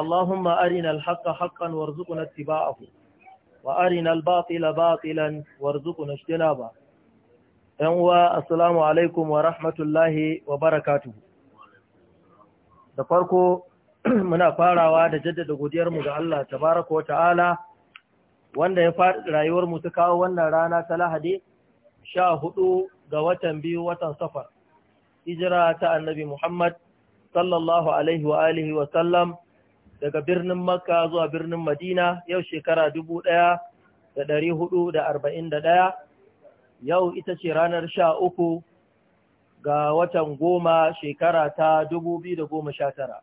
اللهم أرنا الحق حقا وارزقنا اتباعه وأرنا الباطل باطلا وارزقنا اجتنابه yanwa assalamu alaikum wa rahmatullahi wa barakatuhu da farko muna farawa da jaddada godiyarmu ga Allah tabaraka ta'ala wanda ya faɗi rayuwarmu ta kawo wannan rana ta lahadi sha hudu ga watan biyu watan safar hijira ta annabi muhammad sallallahu alaihi wa wa sallam daga birnin Makka zuwa birnin Madina yau shekara dubu ɗaya da ɗari hudu da arba'in da ɗaya, yau ita ce ranar sha uku ga watan goma shekara ta dubu biyu da goma sha tara.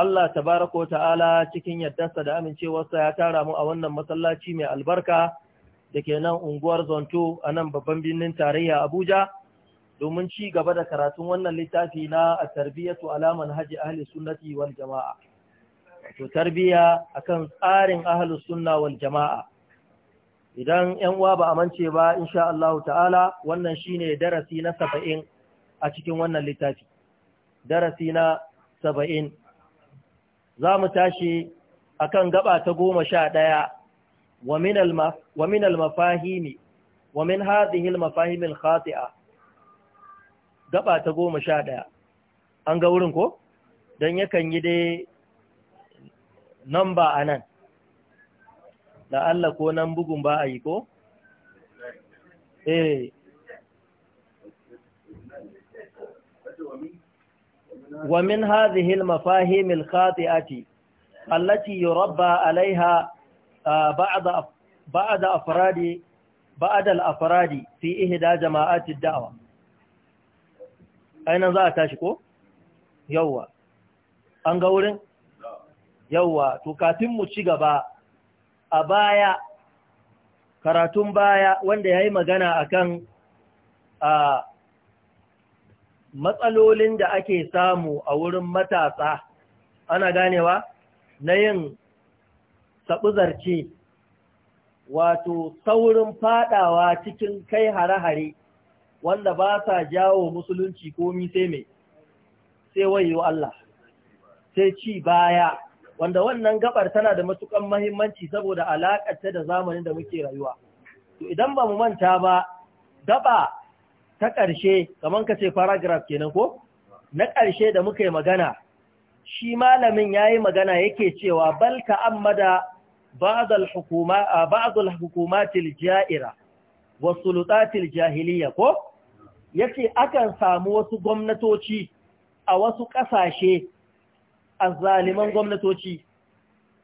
Allah tabaraka ta'ala cikin yardarsa da amincewarsa ya tara mu a wannan masallaci mai albarka da ke nan unguwar Zonto a nan babban birnin tarayya Abuja domin ci gaba da karatun wannan littafi na a tarbiyyatu alaman haji ahli sunnati wal jama'a. wato tarbiya akan tsarin ahalus sunna wal jama'a idan yan uwa ba amince ba insha Allah ta'ala wannan shine darasi na 70 a cikin wannan littafi darasi na 70 za mu tashi akan gaba ta 11 sha ɗaya wa min al mafahimi wa min hadhihi al khati'a gaba ta 11 an ga wurin ko don yakan yi dai nan ba a nan da Allah ko nan bugun ba a yi ko? eh ومن هذه المفاهيم الخاطئة التي يربى عليها بعض بعض أفراد بعض الأفراد في إحدى جماعات الدعوة أين ذا تشكو؟ يوه أنقولين yawwa to kafin mu ci gaba a baya karatun baya wanda ya yi magana akan a matsalolin da ake samu a wurin matasa ana ganewa na yin saɓuzarci wato saurin fadawa cikin kai hare-hare wanda ba sa jawo musulunci komi sai mai sai wayo Allah sai ci baya wanda wannan gabar tana da matukan mahimmanci saboda ta da zamanin da muke rayuwa. To idan ba mu manta ba, gaba ta ƙarshe, kamar ka ce paragraph kenan ko? Na ƙarshe da muka yi magana, shi malamin yayi magana yake cewa balka ammada ba'adul al ja'ira wa al jahiliya ko? Yace akan samu wasu gwamnatoci a wasu ƙasashe azaliman gwamnatoci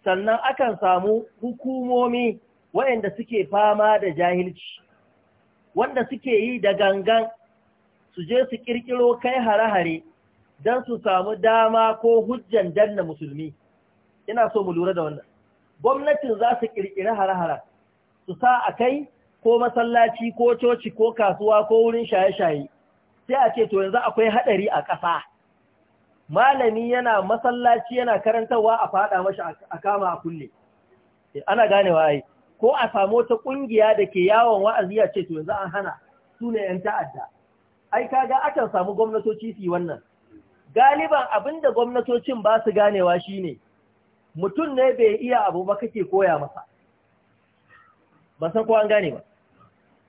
sannan akan samu hukumomi waɗanda suke fama da jahilci wanda suke yi da gangan su je su ƙirƙiro kai hare-hare don su samu dama ko hujjan danna musulmi ina so mu lura da wannan gwamnatin za su kirkiri hare-hare su sa a kai ko masallaci ko coci ko kasuwa ko wurin shaye-shaye sai a ce to yanzu akwai haɗari a ƙasa malami yana masallaci yana karantarwa a fada mashi a kama a kulle eh, ana ganewa ai ko a samu ta kungiya da ke yawon wa'azi ya ce to yanzu an hana su ne yan ta'adda ai kaga akan samu gwamnatoci su yi wannan galiban abinda gwamnatocin ba su ganewa shine mutum ne bai iya abu ba kake koya masa ba san ko an gane ba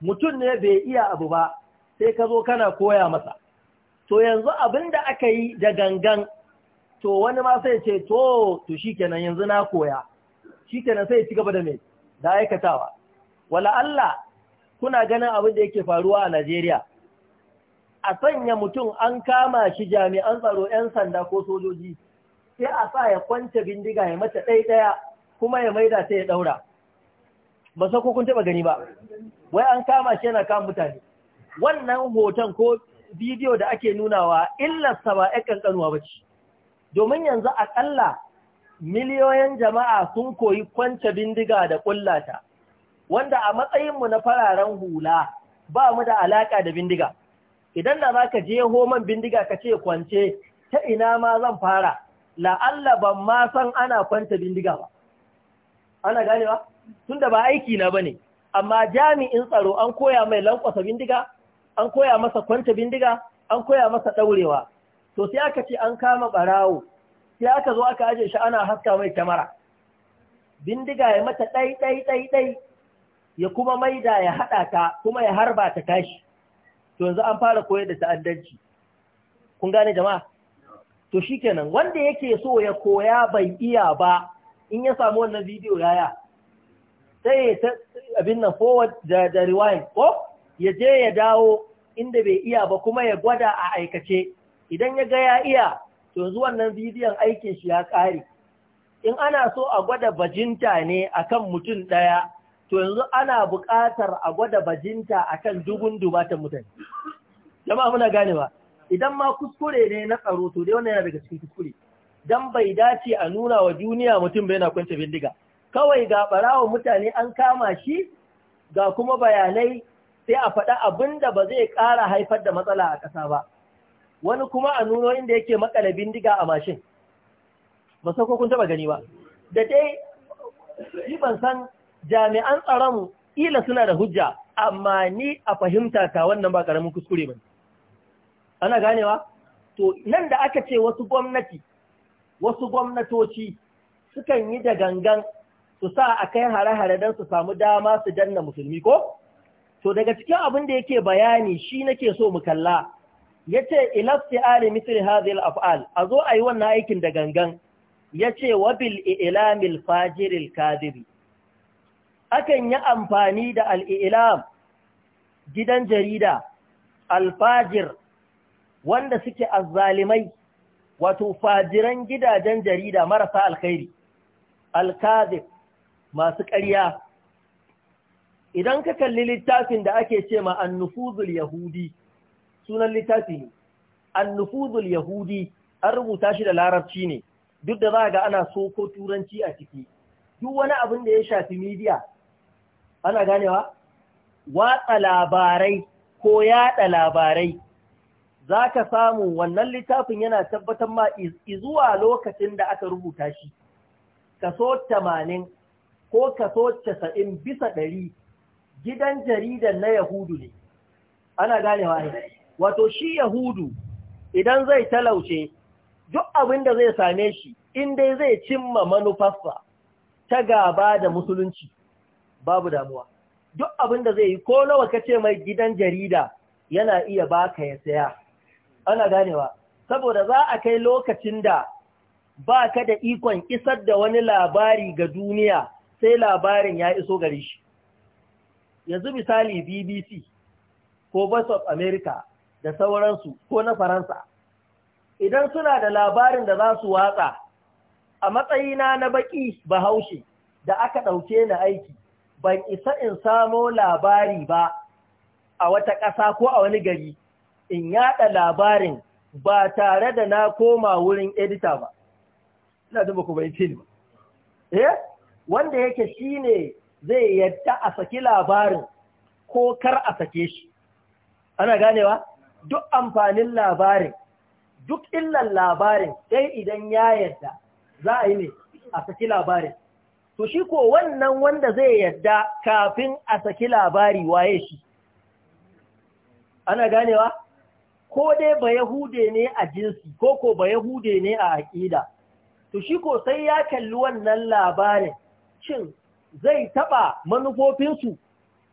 mutum ne bai iya abu ba sai ka zo kana koya masa to yanzu abin da aka yi da gangan to wani ma sai ce to to shikenan yanzu na koya shikenan sai ci gaba da mai da aikatawa wala Allah kuna ganin abin da yake faruwa a Najeriya a sanya mutum an kama shi jami'an tsaro 'yan sanda ko sojoji sai a sa ya kwance bindiga ya mata ɗaya kuma ya maida sai ya ɗaura ba sai ko kun taɓa gani ba wai an kama shi yana kama mutane wannan hoton ko bidiyo da ake nunawa illarsa ba ‘yan ƙanƙanuwa ba ce, domin yanzu aƙalla miliyoyin jama'a sun koyi kwance bindiga da ƙullata, wanda a matsayinmu na fararen hula ba mu da alaƙa da bindiga. Idan da za ka je homan bindiga ka ce kwance ta ina ma zan fara, la'alla ban ma san ana kwance bindiga ba. Ana ganewa? Tun da ba aiki na ba ne, amma jami'in tsaro an koya mai lankwasa bindiga, an koya masa kwanta bindiga an koya masa ɗaurewa to sai aka ce an kama ɓarawo sai aka zo aka ajiye shi ana haska mai kyamara bindiga ya mata ɗai ɗai ɗai ɗai ya kuma maida ya haɗa ta kuma ya harba ta tashi to yanzu an fara koyar da ta'addanci kun gane jama'a to shi kenan, wanda yake so ya koya bai iya ba in ya samu wannan bidiyo yaya sai ya ta abin nan forward da rewind ko ya je ya dawo inda bai iya ba kuma ya gwada a aikace idan ya ga ya iya to yanzu wannan bidiyon aikin shi ya ƙare in ana so a gwada bajinta ne akan mutum ɗaya to yanzu ana buƙatar a gwada bajinta akan dubun dubatan mutane jama'a muna ba idan ma kuskure ne na tsaro to dai wannan yana daga cikin kuskure dan bai dace a nuna wa duniya mutum bai na kwance bindiga kawai ga barawa mutane an kama shi ga kuma bayanai sai a faɗa abin da ba zai ƙara haifar da matsala a ƙasa ba wani kuma a nuno inda yake makala bindiga a mashin ba sau ko kun taɓa gani ba da dai yi ban san jami'an tsaron ila suna da hujja amma ni a fahimta ta wannan ba ƙaramin kuskure ba ana ganewa to nan da aka ce wasu gwamnati wasu gwamnatoci sukan yi da gangan su sa a kai hare-hare don su samu dama su danna musulmi ko to daga cikin abin da yake bayani shi nake so mu kalla yace ilafti ali mithl hadhihi al-af'al azo ayi wannan aikin da gangan yace wa bil ilamil fajiril kadhibi akan yi amfani da al-ilam gidan jarida al-fajir wanda suke azzalimai wato fajiran gidajen jarida marasa alkhairi al-kadhib masu ƙarya idan ka kalli littafin da ake ce ma annufuzul yahudi sunan littafi ne annufuzul yahudi an rubuta shi da larabci ne duk da za ga ana so ko turanci a ciki duk wani abin da ya shafi midiya ana ganewa watsa labarai ko yada labarai za ka samu wannan littafin yana tabbatar ma izuwa lokacin da aka rubuta shi kaso 80 ko kaso 90 bisa ɗari gidan jaridan na Yahudu ne, ana gane wa wato shi Yahudu idan zai talauce duk abin da zai same shi in dai zai cimma manufarsa ta gaba da musulunci babu damuwa. Duk abin da zai yi ko nawa kace mai gidan jarida yana iya baka ya saya, ana ganewa, saboda za a kai lokacin da ba ka da ikon isar da wani labari ga duniya sai labarin ya iso gare shi. yanzu misali BBC ko Voice of America da sauransu ko na Faransa idan suna da labarin da za su watsa a matsayina na baki bahaushe da aka ɗauke na aiki ban isa in samo labari ba a wata ƙasa ko a wani gari in yaɗa labarin ba tare da na koma wurin edita ba. Ina duba ku bai ba. Eh? Wanda yake shi ne zai yadda a saki labarin ko kar a sake shi ana ganewa duk amfanin labarin duk illan labarin sai idan ya yadda za a yi ne a saki labarin to shi ko wannan wanda zai yadda kafin a saki labari waye shi ana ganewa ko dai ba yahude ne a jinsi ko ko ba yahude ne a aƙida to shi ko sai ya kalli wannan labarin cin. zai taɓa manufofinsu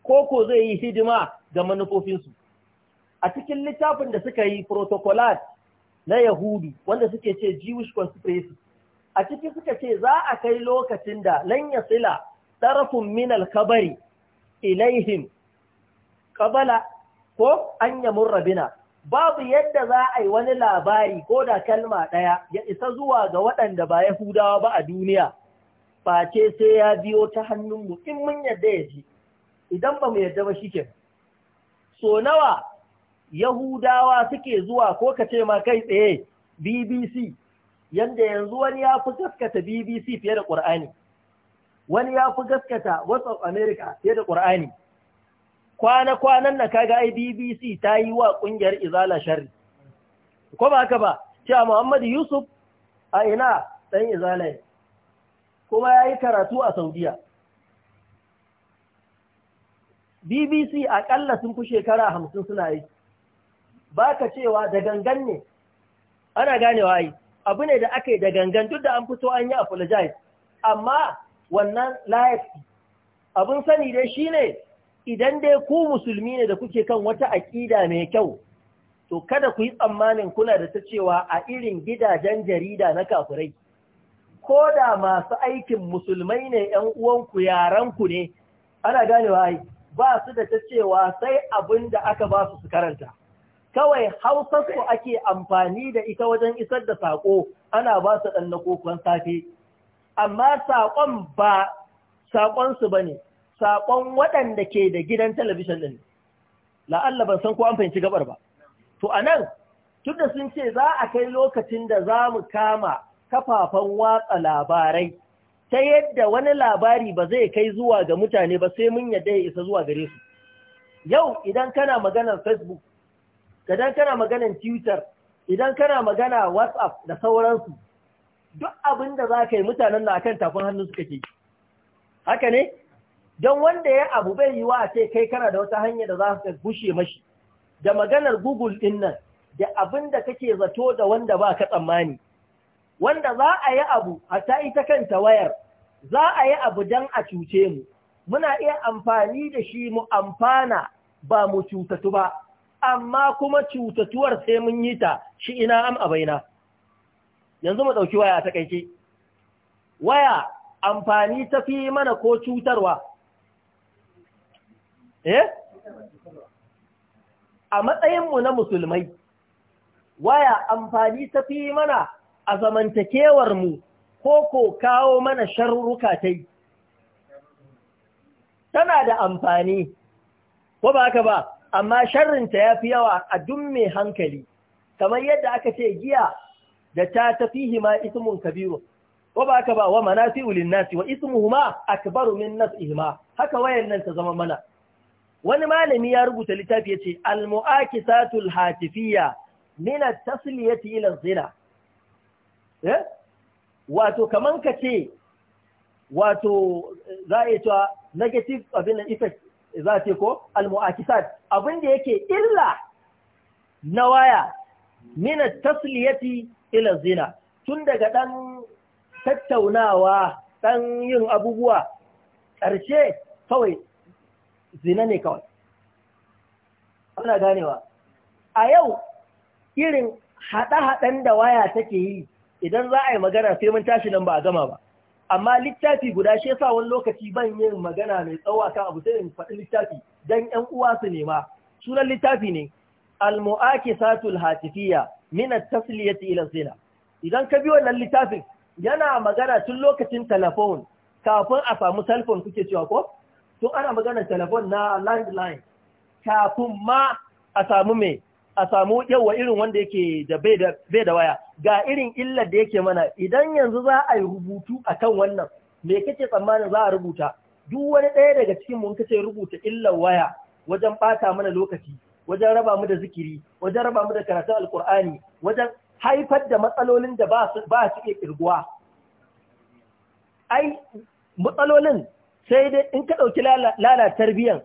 ko ko zai yi hidima ga manufofinsu. A cikin littafin da suka yi protocolat na Yahudu wanda suke ce Jewish conspiracy, a ciki suka ce za a kai lokacin da lanya sila ɗarafin minal kabari ilaihim kabala ko an rabina babu yadda za a yi wani labari ko da kalma ɗaya ya isa zuwa ga waɗanda ba Yahudawa ba a duniya face sai ya biyo ta hannunmu in mun yadda ya ji idan ba mu yadda ba shike so nawa yahudawa suke zuwa ko ka ce ma kai tsaye bbc yanda yanzu wani ya fi gaskata bbc fiye da ƙur'ani wani ya fi gaskata west of america fiye da ƙur'ani kwana-kwanan na kaga ai bbc ta yi wa ƙungiyar izala sharri ko ba haka ba cewa muhammadu yusuf a ina ɗan izala kuma ya yi karatu a saudiya bbc aƙalla sun fi shekara hamsin suna yi ba ka cewa da gangan ne ana ganewa yi abu ne da aka yi da gangan duk da an fito an yi apologize amma wannan layafi abin sani dai shi ne. idan dai ku musulmi ne da kuke kan wata aƙida mai kyau to kada ku yi tsammanin kuna da ta cewa a irin gidajen jarida na kafurai ko da masu aikin musulmai ne ‘yan uwanku yaranku ne, ana ganewa yi, ba su da ta cewa sai abin da aka ba su su karanta. Kawai hausarsu ake amfani da ita wajen isar da saƙo ana ba su ɗan na kokon safe, amma saƙon ba saƙonsu ba ne, saƙon waɗanda ke da gidan talabishin ɗin. La'alla ban san ko an fahimci gabar ba. To a nan, tun da sun ce za a kai lokacin da za mu kama Kafafan watsa labarai ta yadda wani labari ba zai kai zuwa ga mutane ba sai mun yadda ya isa zuwa gare su yau idan kana maganar facebook idan kana maganar twitter idan kana magana whatsapp da sauransu duk abin da za ka yi mutanen na kan tafin hannu suka ke haka ne don wanda ya abu bai yi wa a ce kai kana da wata hanya da za ka gushe mashi da maganar google din nan da abin da kake zato da wanda ba ka tsammani wanda za a yi abu a ta ita kanta wayar za a yi abu don a cuce mu muna iya amfani da shi mu amfana ba mu cutatu ba amma kuma cutatuwar sai mun yi ta shi ina am abaina yanzu mu ɗauki waya ta kaice waya amfani ta fi mana ko cutarwa eh a matsayinmu na musulmai waya amfani ta fi mana a zamantakewar mu ko ko kawo mana sharurruka ta yi tana da amfani ko ba ba amma sharrinta ya fi yawa a duk mai hankali kamar yadda aka ce giya da ta tafi hima ismun kabiru ko ba haka ba wa manafi'u linnasi wa ismuhuma akbaru min ihima. haka wayan nan ta zama mana wani malami ya rubuta littafi yace al mu'akisatul hatifiyya min at-tasliyati ila zina Eh? wato kaman ka ce wato za a iya cewa negative abin da effect za ce ko al-mu'akisat abin da yake illa na waya mina tasliyati ila zina tun daga dan tattaunawa dan yin abubuwa ƙarshe kawai zina ne kawai ana ganewa a yau irin haɗe-haɗen da waya take yi idan za a yi magana sai mun tashi nan ba a gama ba amma littafi guda shi yasa wani lokaci ban yin magana mai tsawo akan abu sai in faɗi littafi dan ƴan uwa su nema sunan littafi ne al-mu'akisatul hatifiyya min at-tasliyati ila zina idan ka bi wannan littafin yana magana tun lokacin telefon kafin a samu telefon kuke cewa ko tun ana magana telefon na landline kafin ma a samu mai a samu yawa irin wanda yake da bai da waya ga irin illar da yake mana idan yanzu za a yi rubutu a kan wannan me kake tsammanin za a rubuta duk wani ɗaya daga cikin mun kace rubuta illar waya wajen ɓata mana lokaci wajen raba mu da zikiri wajen raba mu da karatun alkur'ani wajen haifar da matsalolin da ba su iya kirguwa ai matsalolin sai dai in ka ɗauki lalatar biyan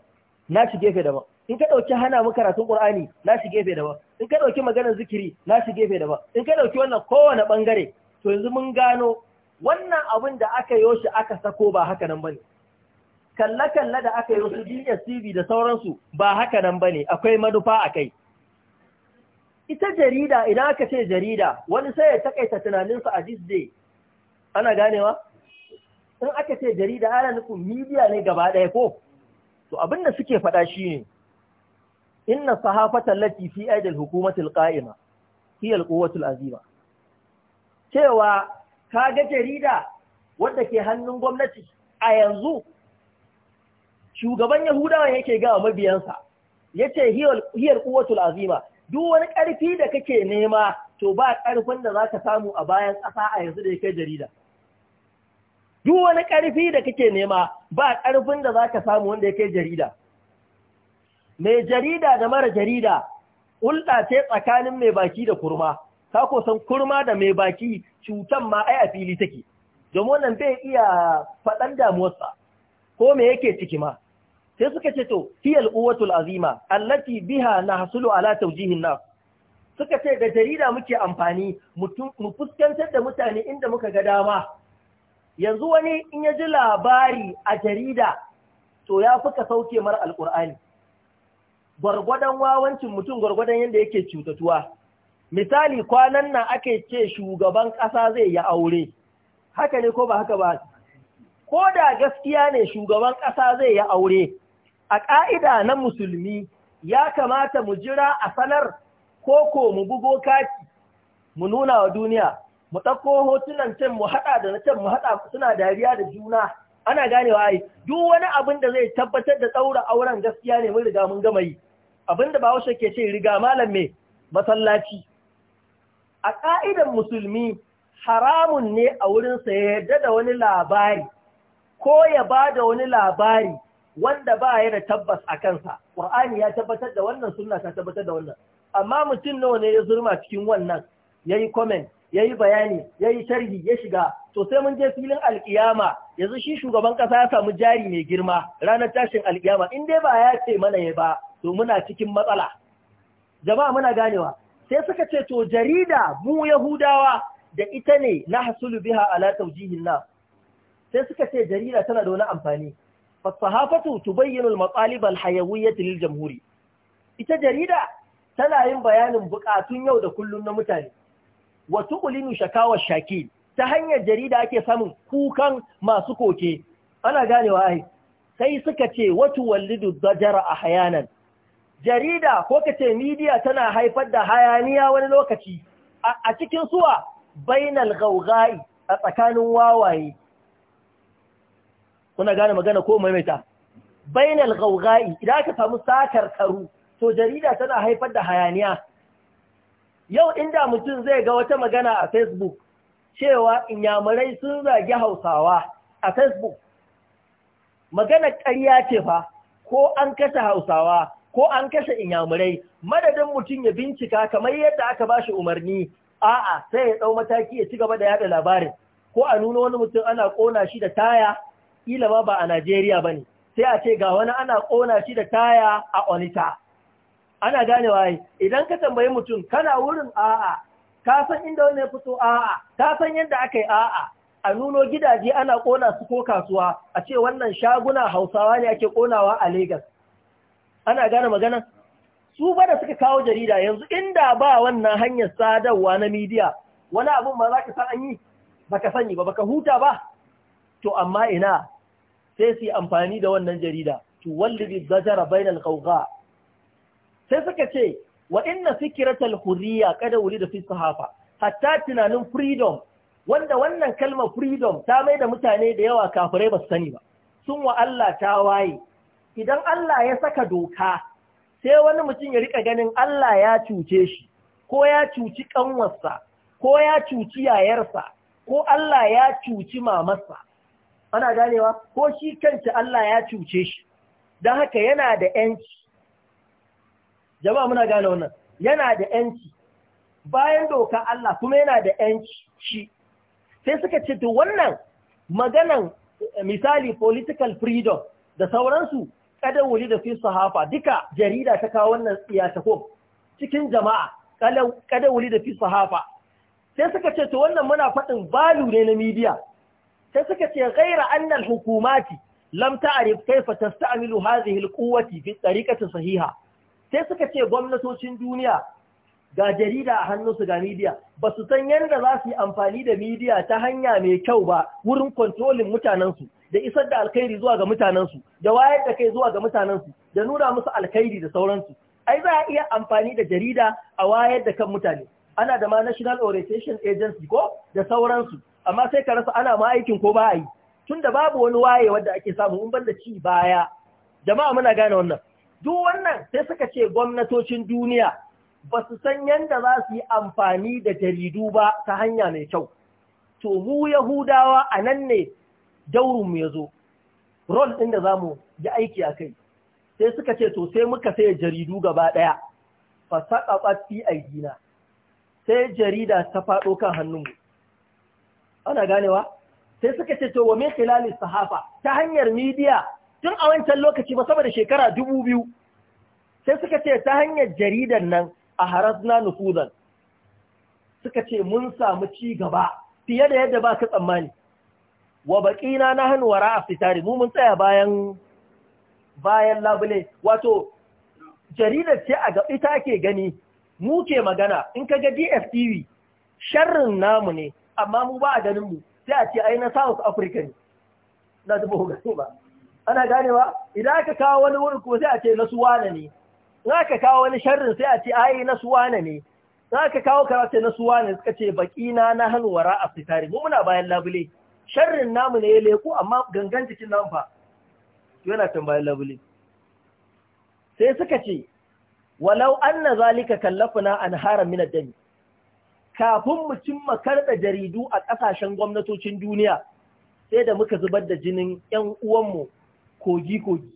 na shi gefe daban in ka dauki hana mu karatun qur'ani na shi gefe daban in ka dauki maganar zikiri na shi gefe daban in ka dauki wannan kowane bangare to yanzu mun gano wannan abin da aka yi shi aka sako ba haka nan bane kalla kalla da aka yi su DSTV da sauransu ba haka nan bane akwai manufa akai ita jarida idan aka ce jarida wani sai ya takaita tunaninsu a this ana ganewa in aka ce jarida ana nufin media ne gaba ɗaya ko to abin da suke faɗa shine inna sahafata lati fi aidil hukumati alqa'ima hi alquwwatu alazima cewa kaga jarida wadda ke hannun gwamnati a yanzu shugaban yahudawa yake ga mabiyansa yace hiyar alquwwatu alazima duk wani ƙarfi da kake nema to ba ƙarfin da zaka samu a bayan kasa a yanzu da kai jarida duk wani ƙarfi da kake nema ba ƙarfin da za ka samu wanda ya kai jarida mai jarida da mara jarida hulɗa ce tsakanin mai baki da kurma ka san kurma da mai baki cutan ma ai a fili take domin wannan bai iya faɗan damuwarsa ko me yake ciki ma sai suka ce to hiyal uwatul azima allati biha na hasulu ala taujihin na. suka ce da jarida muke amfani mu fuskantar da mutane inda muka ga dama yanzu wani in ya ji labari a jarida to ya fuka ka sauke mara alkur'ani gwargwadon wawancin mutum gwargwadon yadda yake cutatuwa misali kwanan nan ake ce shugaban ƙasa zai yi aure haka ne ko ba haka ba ko da gaskiya ne shugaban ƙasa zai yi aure a ƙa'ida na musulmi ya kamata mu jira a sanar ko ko mu bugo kati mu nuna wa duniya mu ɗauko hotunan can mu haɗa da na can mu haɗa suna dariya da juna ana ganewa ai duk wani abin da zai tabbatar da ɗaura auren gaskiya ne mun riga mun gama yi abin da bahaushe ke ce riga malam me masallaci a ƙa'idan musulmi haramun ne a wurin ya yarda da wani labari ko ya ba da wani labari wanda ba ya da tabbas a kansa ƙur'ani ya tabbatar da wannan sunna ta tabbatar da wannan amma mutum nawa ne ya zurma cikin wannan yayi yi comment ya yi bayani ya yi sharhi ya shiga to sai mun je filin alkiyama yanzu shi shugaban ƙasa ya samu jari mai girma ranar tashin alkiyama in dai ba ya ce mana ya ba to muna cikin matsala jama'a muna ganewa sai suka ce to jarida mu yahudawa da ita ne na hasulu biha ala taujihin nan. sai suka ce jarida tana da wani amfani fasahafatu tubayyinu al-matalib al-hayawiyyah lil jamhuri ita jarida tana yin bayanin bukatun yau da kullum na mutane wa tuqlinu shakawa shaki ta hanyar jarida ake samun kukan masu koke ana ganewa ai sai suka ce watu wallidu dajara ahyanan jarida ko kace media tana haifar da hayaniya wani lokaci a cikin suwa bainal gauga'i a tsakanin wawaye kuna gane magana ko maimaita bainal gauga'i idan aka samu sakar karu to jarida tana haifar da hayaniya yau inda mutum zai ga wata magana a facebook cewa inyamurai sun zagi hausawa a facebook magana ƙarya ce fa ko an kashe hausawa ko an kashe inyamurai madadin mutum ya bincika kamar yadda aka ba shi umarni a'a sai ya ɗau mataki ya ci gaba da yada labarin ko a nuna wani mutum ana ƙona shi da taya ila ma ba a najeriya ba ne sai a ce ga wani ana ƙona shi da taya a onita ana gane waye idan ka tambayi mutum kana wurin a'a ka san inda wani ya fito a'a ka san yadda aka yi a'a a nuno gidaje ana kona su ko kasuwa a ce wannan shaguna hausawa ne ake konawa a Legas ana gane magana su ba da suka kawo jarida yanzu inda ba wannan hanyar sadarwa na midiya wani abun ba za ka san an yi ba ka sani ba ba ka huta ba to amma ina sai su yi amfani da wannan jarida to wallabi zajara bainal qawqa sai suka ce wa inna fikratal hurriya kada wuri da fi hafa?" hatta tunanin freedom wanda wannan kalmar freedom ta mai da mutane da yawa kafirai ba su sani ba sun wa Allah ta waye idan Allah ya saka doka sai wani mutum ya rika ganin Allah ya cuce shi ko ya cuci kanwarsa ko ya cuci yayarsa ko Allah ya cuci mamarsa ana ganewa ko shi kanci Allah ya cuce shi don haka yana da ‘yanci jama'a muna gane wannan yana da yanci bayan doka Allah kuma yana da yanci shi sai suka ce to wannan maganan eh, misali political freedom da sauransu kada da fi sahafa duka jarida ta kawo wannan iyatako cikin jama'a kada wuli da fi sahafa sai suka ce to wannan muna faɗin balu ne na media sai suka ce ghaira annal hukumati lam ta'rif kayfa tasta'milu hadhihi alquwwati fi tariqati sahiha sai suka ce gwamnatocin duniya ga jarida a hannunsu ga midiya ba su san yadda za su yi amfani da midiya ta hanya mai kyau ba wurin kontrolin mutanensu da isar da alkhairi zuwa ga mutanensu da wayar da kai zuwa ga mutanensu da nuna musu alkhairi da sauransu ai za a iya amfani da jarida a wayar da kan mutane ana da ma national orientation agency ko da sauransu amma sai ka rasa ana ma aikin ko ba a yi tunda babu wani waye wanda ake samu in banda ci baya jama'a muna gane wannan Duk wannan sai suka ce gwamnatocin duniya ba su san yadda za su yi amfani da jaridu ba ta hanya mai kyau. To mu Yahudawa a nan ne daurinmu ya zo, rol ɗin da za mu yi aiki a kai. Sai suka ce to sai muka sai jaridu gaba ɗaya, fa saƙaƙa fi na. Sai jarida ta faɗo kan hannunmu. Ana ganewa? Sai suka ce to wa mai sahafa ta hanyar midiya tun a wancan lokaci ba saboda shekara dubu biyu sai suka ce ta hanyar jaridar nan a harasna nufuzan suka ce mun samu ci gaba fiye da yadda ba ka tsammani wa baƙina na hannu wara a fitari mu mun tsaya bayan bayan labule wato jaridar ce a ita ake gani mu ke magana in ka ga dftv sharrin namu ne amma mu ba a ganinmu sai a ce ai na south africa ne na zuba gani ba ana gane ba. idan aka kawo wani wurin ko sai a ce nasuwa ne ne in aka kawo wani sharrin sai a ce ai nasuwa ne ne in aka kawo karatu nasuwa ne, suka ce bakina na hannu wara a fitari mu muna bayan labule sharrin namu ne ya leku, amma gangan cikin nan fa yana can bayan labule sai suka ce walau anna zalika kallafuna an haram min ad-dami kafin mu cimma karɗa jaridu a ƙasashen gwamnatocin duniya sai da muka zubar da jinin ƴan uwanmu kogi-kogi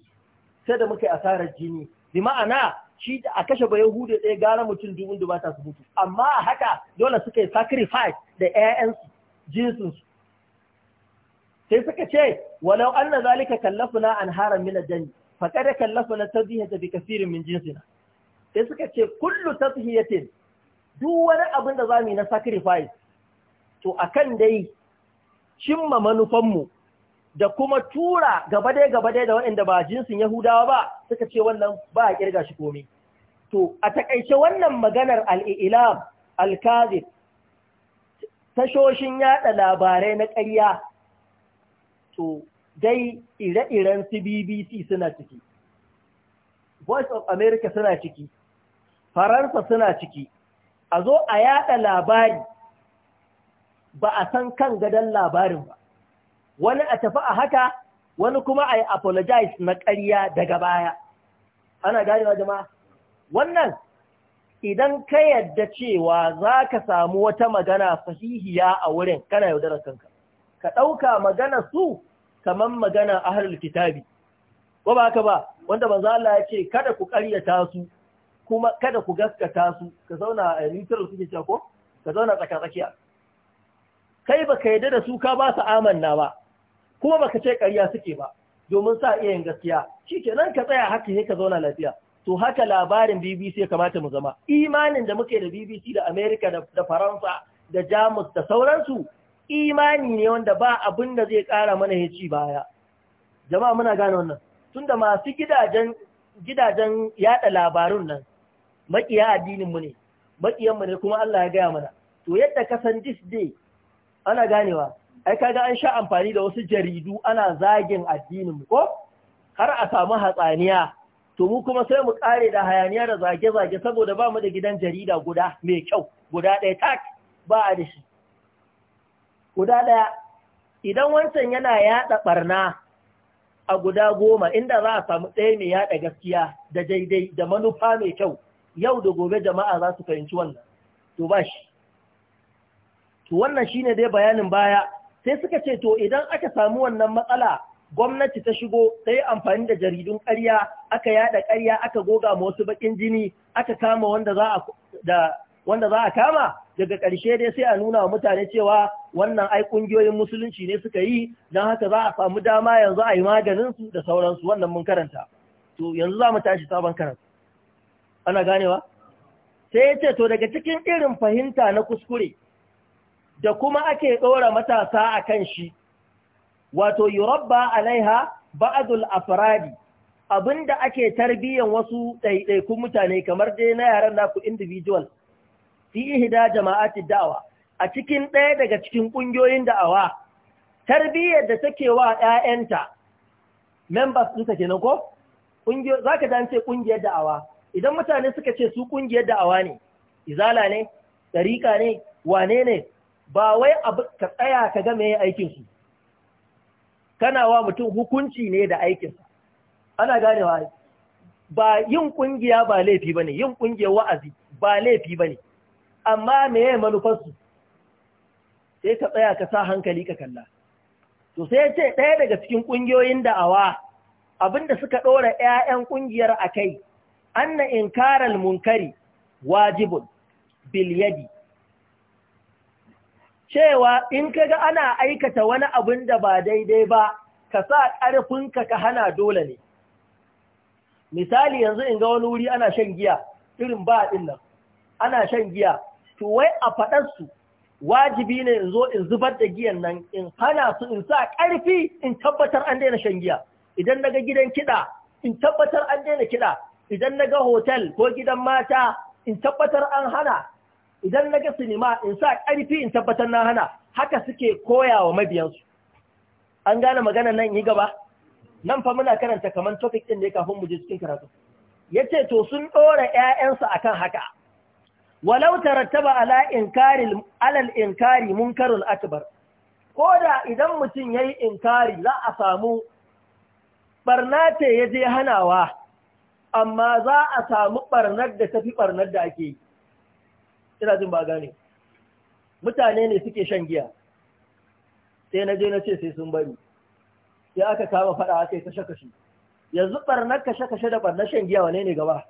sai da muka yi asarar jini bi ma'ana shi a kashe ba yahudu ɗaya gara mutum dubun da ba ta su mutu amma a haka dole suka yi sacrifice da 'ya'yansu jinsinsu sai suka ce walau na zalika na an haram min da kallafu na ta tadhiyata tafi kaseerin min jinsina sai suka ce kullu tadhiyatin duk wani abin da za mu yi na sacrifice to akan dai cimma manufanmu da kuma tura gaba dai gaba dai da waɗanda ba jinsin Yahudawa ba suka ce wannan ba a kirga shi komai to a takaice wannan maganar al-ilam al-kazib tashoshin yaɗa labarai na ƙarya to dai ire-iren su BBC suna ciki Voice of America suna ciki Faransa suna ciki a zo a yada labari ba a san kan gadon labarin ba wani a tafi a haka wani kuma a yi apologize na ƙarya daga baya ana wa jama'a wannan idan ka yadda cewa za ka samu wata magana sahihiya a wurin kana yaudarar kanka ka ɗauka magana su kamar magana ahlul kitabi ko ba ka ba wanda manzo Allah ya ce kada ku ƙaryata su kuma kada ku gaskata su ka zauna a neutral kuke cewa ko ka zauna tsakatsakiya kai ba ka yarda da su ka ba su amanna ba kuma baka ce ƙarya suke ba domin sa iya yin gaskiya shi ke nan ka tsaya haka ne ka zauna lafiya to haka labarin BBC ya kamata mu zama imanin da muke da BBC da America da Faransa da Jamus da sauransu imani ne wanda ba abin da zai ƙara mana ya ci baya jama'a muna gane wannan tunda masu gidajen gidajen yada labarun nan makiya addininmu ne makiyanmu ne kuma Allah ya gaya mana to yadda ka san this day ana ganewa ai kaga an sha amfani da wasu jaridu ana zagin addinin ko har a samu hatsaniya to mu kuma sai mu kare da hayaniya da zage-zage saboda ba mu da gidan jarida guda mai kyau guda ɗaya tak ba a da shi guda ɗaya idan wancan yana yaɗa ɓarna a guda goma inda za a samu ɗaya mai yaɗa gaskiya da daidai da manufa mai kyau yau da gobe jama'a za su fahimci wannan to ba shi to wannan shine dai bayanin baya sai suka ce to idan aka samu wannan matsala gwamnati ta shigo ta yi amfani da jaridun ƙarya aka yada ƙarya aka goga ma wasu bakin jini aka kama wanda za a da wanda za a kama daga ƙarshe dai sai a nuna wa mutane cewa wannan ai ƙungiyoyin musulunci ne suka yi don haka za a samu dama yanzu a yi maganinsu da sauransu wannan mun karanta to yanzu za mu tashi sabon karanta ana ganewa sai ya ce to daga cikin irin fahimta na kuskure da kuma ake ɗora matasa a kan shi, wato yurabba alaiha ba'adul afradi abinda ake tarbiyyar wasu ɗaiɗaikun mutane kamar dai na yaren naku individual, fi ihida jama'atid da'awa a cikin ɗaya daga cikin ƙungiyoyin da'awa, tarbiyyar da take wa ‘ya'yanta, members ɗinsa kenan ko? Za ka dance ƙungiyar da'awa, idan mutane suka ce su ƙungiyar da'awa ne, izala ne, ɗariƙa ne, wane ne, ba wai abu ka tsaya ka ga meye aikin su kana wa mutum hukunci ne da aikin ana ganewa ba yin kungiya ba laifi bane yin kungiya wa'azi ba laifi bane amma meye manufar manufarsu sai ka tsaya ka sa hankali ka kalla to sai ce ɗaya daga cikin kungiyoyin da'awa abinda suka ɗora 'ya'yan kungiyar akai anna inkaral munkari wajibun bil yadi cewa in kaga ana aikata wani abin da ba daidai ba ka sa ƙarfinka ka hana dole ne misali yanzu in ga wani wuri ana shan giya irin ba din nan ana shan giya to wai a su wajibi ne in zo in zubar da giyan nan in hana su in sa ƙarfi in tabbatar an daina shan giya idan na gidan kiɗa in tabbatar an daina kiɗa idan na ga hotel ko gidan mata in tabbatar an hana idan na ga sinima in sa ƙarfi in tabbatar na hana haka suke koya wa mabiyansu an gane magana nan yi gaba nan fa muna karanta kamar topic ɗin da ya kafin mu je cikin karatu ya ce to sun ɗora ‘ya'yansu a kan haka walau tarattaba ala inkari alal inkari munkarun akbar ko da idan mutum ya yi inkari za a samu barna ce ya je hanawa amma za a samu ɓarnar da tafi ɓarnar da ake yi ina jin ba gane mutane ne suke shan giya sai na je na ce sai sun bari sai aka kama fada aka yi kashe kashe yanzu barnar kashe kashe da barnar shan giya wane ne gaba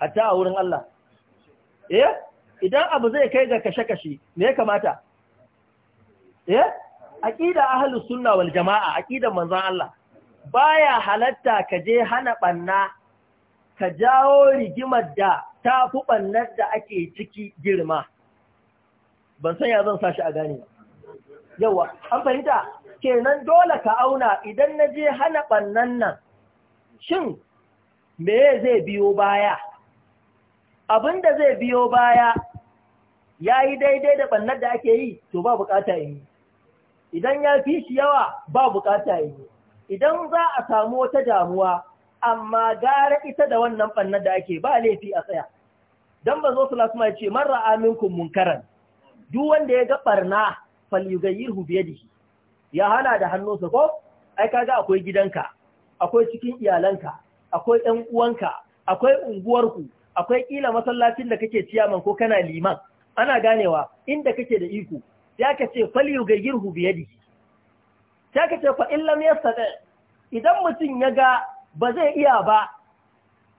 hatta a wurin Allah eh idan abu zai kai ga kashe kashe me ya kamata eh aqida ahlus sunna wal jamaa aqidan manzon Allah baya halatta ka je hana barna ka jawo rigimar da ta fi ɓannar da ake ciki girma. Ban san ya zan sashi a gani ba. an fahimta, kenan dole ka auna idan na je hana ɓannan nan, shin me zai biyo baya? Abin da zai biyo baya ya yi daidai da ɓannar da ake yi, to ba bukata yi. Idan ya fi shi yawa ba bukata yi. Idan za a samu wata damuwa, amma gara ita da wannan ɓannar da ake ba laifi a tsaya don ba zo su lasu mai ce marar aminkun munkaran duk wanda ya ga ɓarna da shi ya hana da hannunsa ko ai kaga akwai gidanka akwai cikin iyalanka akwai ɗan uwanka akwai unguwarku akwai ƙila masallacin da kake ciyaman ko kana liman ana ganewa inda kake da iko ya ka ce da shi. ya ka ce fa illam idan mutum ya ga ba zai iya ba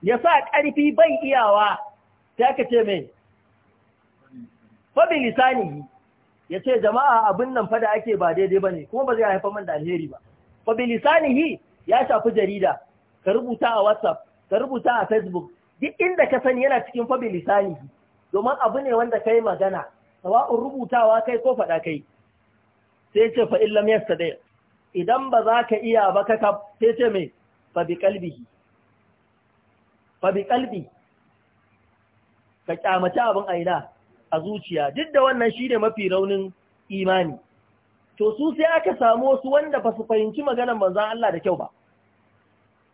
ya sa ƙarfi bai iyawa ta ka ce mai fabi lisanihi ya ce jama'a abin nan fada ake ba daidai ba ne kuma ba zai haifar man da alheri ba fabi lisanihi ya shafi jarida ka rubuta a whatsapp ka rubuta a facebook duk inda ka sani yana cikin fabi lisanihi domin abu ne wanda ka yi magana sawa'un rubutawa kai ko faɗa kai sai ce idan ba za ka iya ba ka sai ce mai fa bi ka ƙyamata abin aina a zuciya duk da wannan shi ne mafi raunin imani to su sai aka samu wasu wanda ba su fahimci maganar manzon Allah da kyau ba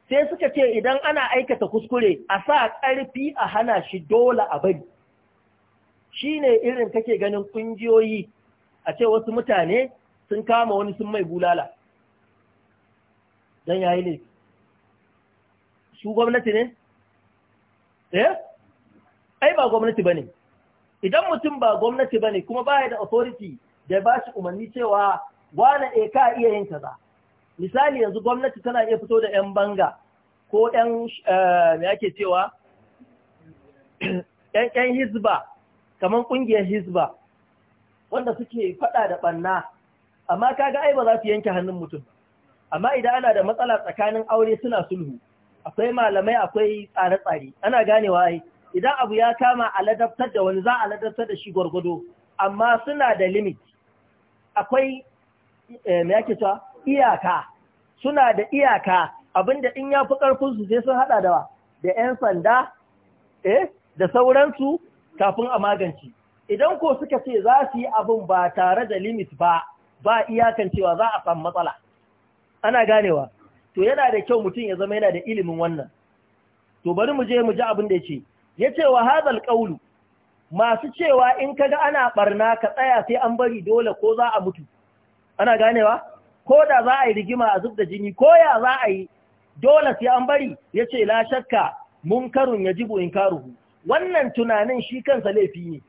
sai suka ce idan ana aikata kuskure a sa ƙarfi a hana shi dole a bari shi ne irin kake ganin ƙungiyoyi a ce wasu mutane sun kama wani sun mai bulala don yayi laifi su gwamnati ne? Eh? Ai ba gwamnati ba ne. Idan mutum ba gwamnati ba ne kuma ba ya da authority da ba shi umarni cewa wane e ka iya yin kaza. Misali yanzu gwamnati tana iya fito da 'yan banga ko 'yan eh, me ake cewa? 'yan hizba, kamar ƙungiyar hizba, wanda suke faɗa da ɓanna, amma kaga ai ba za su yanke hannun mutum Amma idan ana da matsala tsakanin aure suna sulhu, akwai malamai akwai tsare-tsare ana ganewa ai idan abu ya kama a ladabtar da wani za a ladabtar da shi gwargwado amma suna da limit akwai eh, me yake cewa iyaka suna da iyaka abinda in ya fi karfin su sai sun hada da da yan sanda eh da sauransu kafin a magance idan ko suka ce za su yi abin ba tare da limit ba ba iyakan cewa za a samu matsala ana ganewa to yana da kyau mutum ya zama yana da ilimin wannan to bari mu je mu ji abin da yake yace wa hadal qawlu masu cewa in kaga ana barna ka tsaya sai an bari dole ko za a mutu ana ganewa ko da za a yi rigima a zubda jini ko ya za a yi dole sai an bari yace la shakka munkarun yajibu inkaruhu wannan tunanin shi kansa laifi ne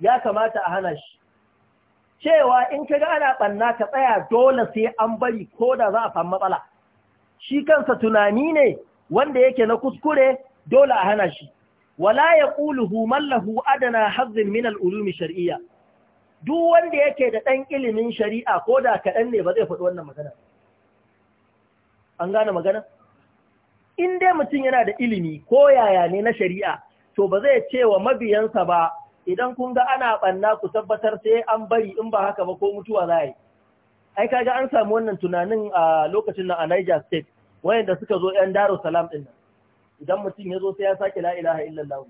ya kamata a hana shi cewa in kaga ana barna ka tsaya dole sai an bari ko da za a samu matsala shi kansa tunani ne wanda yake na kuskure dole a hana shi wala ya ƙuluhu mallahu adana hazin min al'ulumi shari'a duk wanda yake da ɗan ilimin shari'a ko da kaɗan ne ba zai faɗi wannan magana an gane magana in dai mutum yana da ilimi ko yaya ne na shari'a to ba zai ce wa mabiyansa ba idan kun ga ana ɓanna ku tabbatar sai an bari in ba haka ba ko mutuwa za yi ai kaga an samu wannan tunanin a lokacin nan a Niger State wayanda suka zo yan Salam din nan idan mutum ya zo sai ya sake la ilaha illallah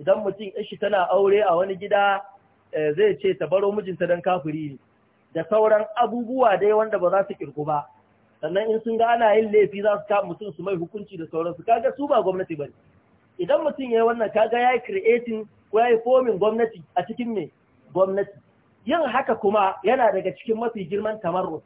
idan mutum ishi tana aure a wani gida eh, zai ce ta baro mijinta dan kafiri ne da sauran abubuwa dai wanda ba za su kirku ba sannan in sun ga ana yin laifi za su kama mutum su mai hukunci da sauransu kaga su ba gwamnati bane idan mutum ya yi wannan kaga ya yi creating ko ya yi fomin gwamnati a cikin me gwamnati yin haka kuma yana daga cikin mafi girman tamarrud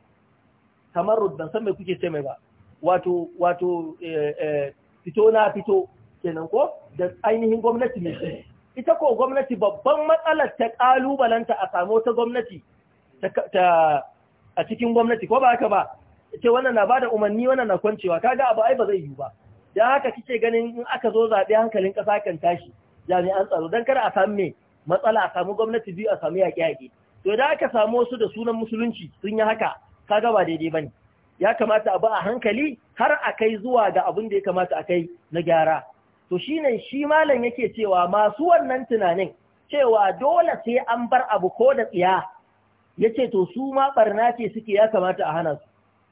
tamarrud ban san me kuke ce mai ba wato wato eh, eh, fito na fito kenan ko da ainihin gwamnati ne ita ko gwamnati babban matsalar ta kalubalanta a samu ta gwamnati a cikin gwamnati ko ba haka ba ce wannan na bada umarni wannan na kwancewa kaga abu ai ba zai yi ba dan haka kike ganin in aka zo zabe hankalin kasa kan tashi jami'an tsaro dan kada a samu matsala a samu gwamnati biyu a samu yaƙe-yaƙe to da aka samu wasu da sunan musulunci sun yi haka kaga ba daidai ba ne, ya kamata a ba a hankali har a kai zuwa ga abin da ya kamata a kai na gyara to shine shi malam yake cewa masu wannan tunanin cewa dole sai an bar abu ko da tsiya yace to su ma barna ce suke ya kamata a hana su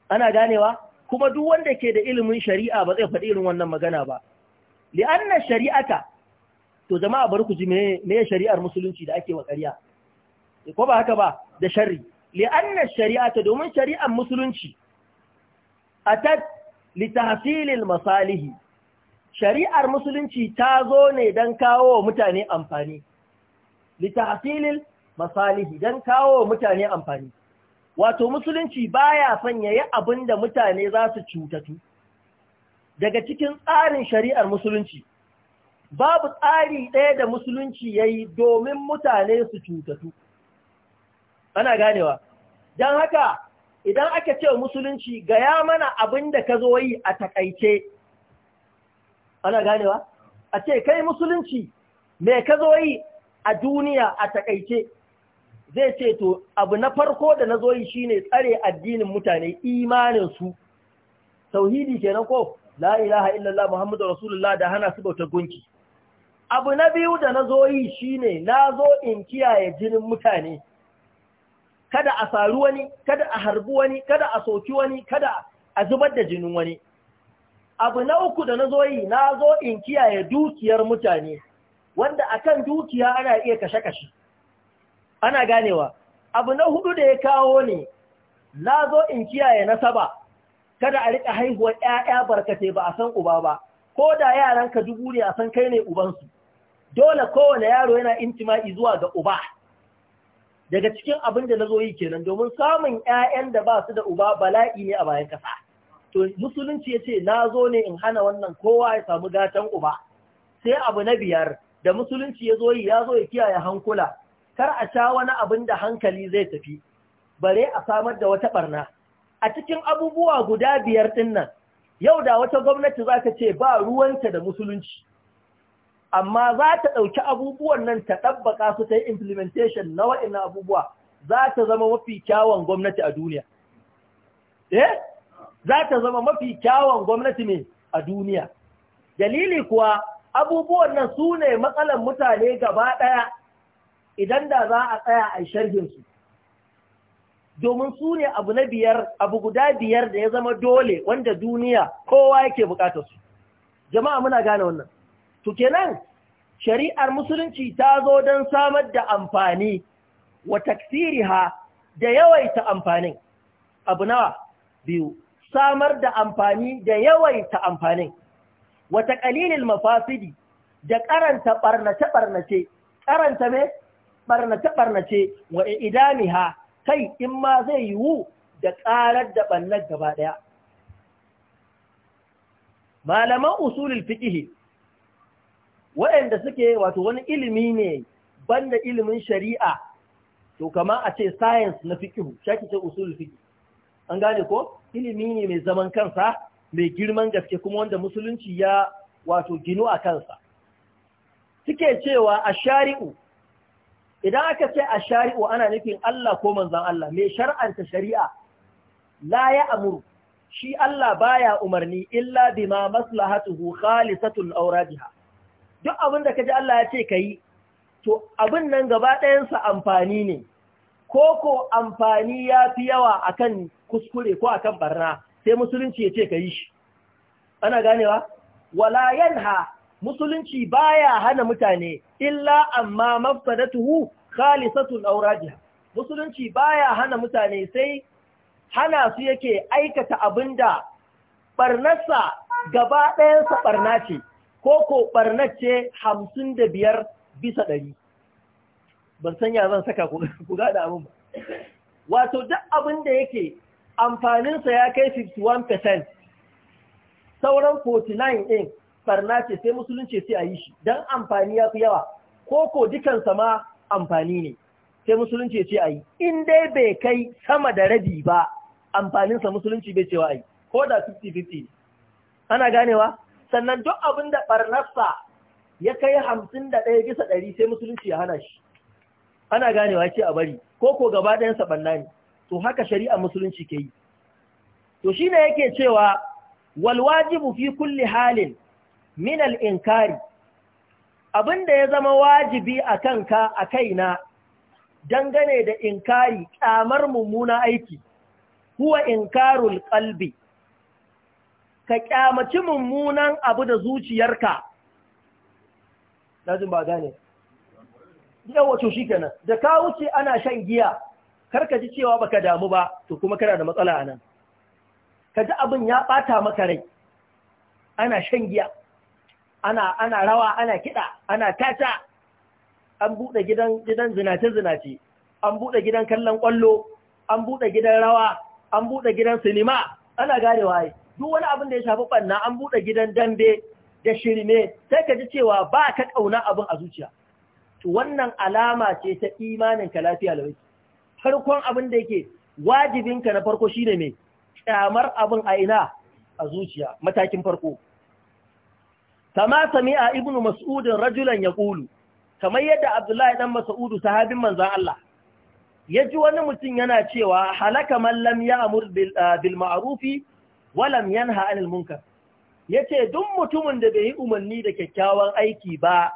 ana ganewa kuma duk wanda ke da ilimin shari'a ba zai faɗi irin wannan magana ba li'anna shari'ata to jama'a bar ku ji me shari'ar musulunci da ake wa ƙarya ko ba haka ba da sharri li'anna shari'ata domin shari'ar musulunci atat litahsilil masalihi shari'ar musulunci ta zo ne don kawo mutane amfani litahsilil masalihi don kawo wa mutane amfani wato musulunci baya son yayi abin da mutane za su cutatu daga cikin tsarin shari'ar musulunci babu tsari ɗaya da musulunci yayi domin mutane su cutatu ana ganewa don haka idan aka ce musulunci gaya mana abin da ka zo yi a takaice ana ganewa a ce kai musulunci me ka zo yi a duniya a takaice zai ce to abu na farko da na zo yi shine tsare addinin mutane imaninsu tauhidi kenan ko la ilaha illallah muhammadu rasulullah da hana su bauta gunki abu na biyu da na zo yi shine na zo in kiyaye jinin mutane kada a saru wani kada a harbi wani kada a soki wani kada a zubar da jinin wani abu na uku da na zo yi na zo in kiyaye dukiyar mutane wanda akan dukiya ana iya kashe-kashe ana ganewa abu na hudu da ya kawo ne na zo in kiyaye nasaba kada a rika haihuwar 'ya'ya barkatai ba a san uba ba ko da yaranka dubu ne a san kai ne ubansu dole kowane yaro yana intima'i zuwa ga uba daga cikin abin da na zo yi kenan domin samun ‘ya'yan da ba su da uba bala'i ne a bayan kasa. To, musulunci ya ce, na zo ne in hana wannan kowa ya samu gatan uba. Sai abu na biyar da musulunci ya zo yi ya zo ya kiyaye hankula, kar a sha wani abin da hankali zai tafi, bare a samar da wata ɓarna. A cikin abubuwa guda biyar ɗinnan, yau da wata gwamnati za ka ce ba ruwanta da musulunci. amma za ta ɗauki abubuwan nan ta ɗabbaka su ta yi implementation na wa'in abubuwa za ta zama mafi kyawun gwamnati a duniya. Eh? Za ta zama mafi kyawun gwamnati ne a duniya. Dalili kuwa abubuwan nan su ne matsalan mutane gaba ɗaya idan da za a tsaya a sharhinsu. Domin su ne abu na biyar, abu guda biyar da ya zama dole wanda duniya kowa yake bukatarsu. Jama'a muna gane wannan. To kenan shari'ar musulunci ta zo don samar da amfani wa ha da yawaita amfanin abu biyu samar da amfani da yawaita amfanin wata kalilil mafafidi, da karanta barnace-barnace karanta me barnace-barnace wa kai in ma zai yiwu da karar da ɓannar gaba ɗaya malaman usulul fikihi waɗanda suke wato wani ilimi ne banda ilimin shari'a to kama a ce science na fikihu shaki ce usul fiki an gane ko ilimi ne mai zaman kansa mai girman gaske kuma wanda musulunci ya wato ginu a kansa suke cewa a shari'u idan aka ce a shari'u ana nufin Allah ko manzan Allah mai shar'anta shari'a la ya amuru shi Allah baya umarni illa bima maslahatuhu khalisatun auradiha duk abin da ka ji Allah ya ce ka yi to abin nan gaba ɗayansa amfani ne ko ko amfani ya fi yawa akan kuskure ko akan barna sai musulunci ya ce ka yi shi ana ganewa wala ha, musulunci baya hana mutane illa amma tuhu khalisatun auradiya. musulunci baya hana mutane sai hana su yake aikata abin da ɓarnarsa gaba ɗayansa barna ce ko ko ce hamsin da biyar bisa ɗari ban sanya zan saka ku gada abin ba wato duk abin da yake amfaninsa ya kai 51% sauran 49 ɗin barna ce sai musulunci sai a yi shi don amfani ya fi yawa ko ko dukansa ma amfani ne sai musulunci ce a yi in dai bai kai sama da rabi ba amfaninsa musulunci bai cewa a yi ko da 50-50 ana ganewa sannan duk abin da barnarsa ya kai hamsin da ɗaya bisa ɗari sai musulunci ya hana shi ana ganewa ce a bari ko ko gaba ɗayansa ɓanna ne to haka shari'a musulunci ke yi to shi ne yake cewa walwajibu fi kulli halin min kari. abin da ya zama wajibi a kanka a kaina dangane da inkari kyamar mummuna aiki huwa inkarul ƙalbi ka kyamaci mummunan abu da zuciyarka Lazin ba gane yawa shi shikenan da ka wuce ana shan giya kar ka ji cewa baka damu ba to kuma kana da matsala nan ka ji abin ya ɓata maka rai ana shan giya ana rawa ana kiɗa, ana tata an buɗe gidan zinace zinace an buɗe gidan kallon ƙwallo, an buɗe gidan rawa an buɗe gidan sinima ana gane waye duk wani abin da ya shafi ɓanna an buɗe gidan dambe da shirme sai ka ji cewa ba ka ƙauna abin a zuciya to wannan alama ce ta imanin ka lafiya lawai farkon abin da yake wajibin ka na farko shi ne mai ƙyamar abin a ina a zuciya matakin farko kama sami'a ibnu Mas'udin rajulan ƙulu, kamar yadda abdullahi dan ta sahabin manzan Allah ya ji wani mutum yana cewa halaka man lam amur bil ah, ma'arufi walam yanha anil munkar yace duk mutumin da bai yi umarni da kyakkyawan aiki ba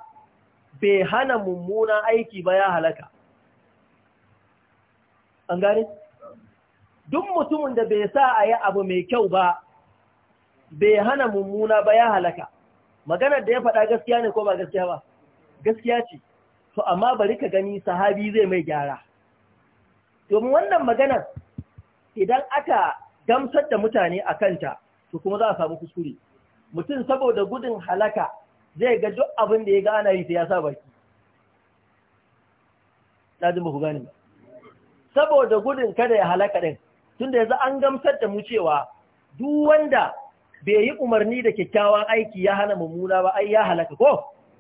bai hana mummunan aiki ba ya halaka an gane duk mutumin da bai sa ayi abu mai kyau ba bai hana mummuna ba ya halaka maganar da ya faɗa gaskiya ne ko ba gaskiya ba gaskiya ce to amma bari ka gani sahabi zai mai gyara domin wannan maganar idan aka gamsar da mutane a kanta to kuma za a samu kuskure mutum saboda gudun halaka zai ga duk abin da ya ga ana yi sai ya sa baki lazim ba ku gane ba saboda gudun kada ya halaka din tunda yanzu an gamsar da mu cewa duk wanda bai yi umarni da kyakkyawan aiki ya hana mummuna ba ai ya halaka ko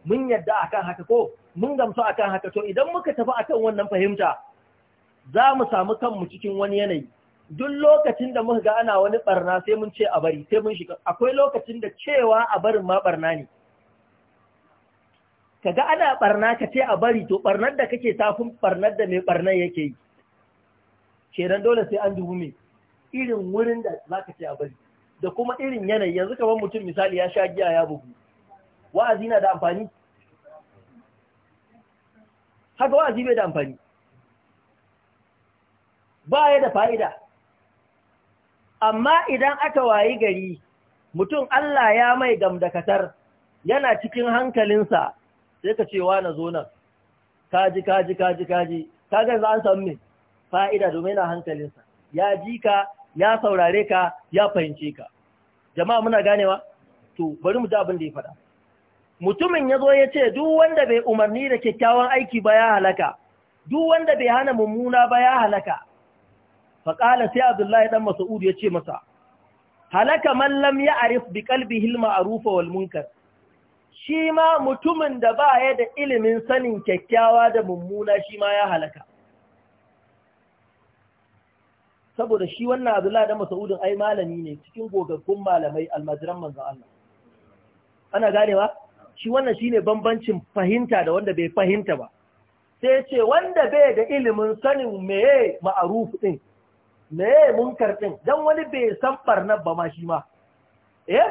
mun yadda akan haka ko mun gamsu akan haka to idan muka tafi akan wannan fahimta za mu samu kanmu cikin wani yanayi duk lokacin da muka ga ana wani barna sai mun ce a bari sai mun shiga akwai lokacin da cewa a barin ma barna ne kaga ana barna ka ce a bari to barnar da kake tafin barnar da mai barna yake yi kenan dole sai an dubu mai irin wurin da za ka ce a bari da kuma irin yanayi yanzu kamar mutum misali ya sha giya ya bugu wa'azi na da amfani haka wa'azi bai da amfani ba ya da fa'ida amma idan aka wayi gari mutum Allah ya mai gamdakatar yana cikin hankalinsa sai ka cewa na zo nan kaji kaji kaji kaji kaga za an samu me fa'ida domin na hankalinsa ya ji ka ya saurare ka ya fahimce ka jama'a muna ganewa to bari mu ji abin da ya faɗa mutumin ya zo ya ce duk wanda bai umarni da kyakkyawan aiki ba ya halaka duk wanda bai hana mummuna ba ya halaka faƙala sai abdullahi ɗan masa'udu ya ce masa halaka mallam ya arif bi kalbi hilma wal munkar shi ma mutumin da ba ya da ilimin sanin kyakkyawa da mummuna shi ma ya halaka saboda shi wannan abdullahi ɗan masa'udun ai malami ne cikin gogaggun malamai almajiran manzan Allah ana ganewa shi wannan shine bambancin fahimta da wanda bai fahimta ba sai ce wanda bai da ilimin sanin meye ma'aruf ɗin meye munkar ɗin don wani bai san farna ba ma shi ma eh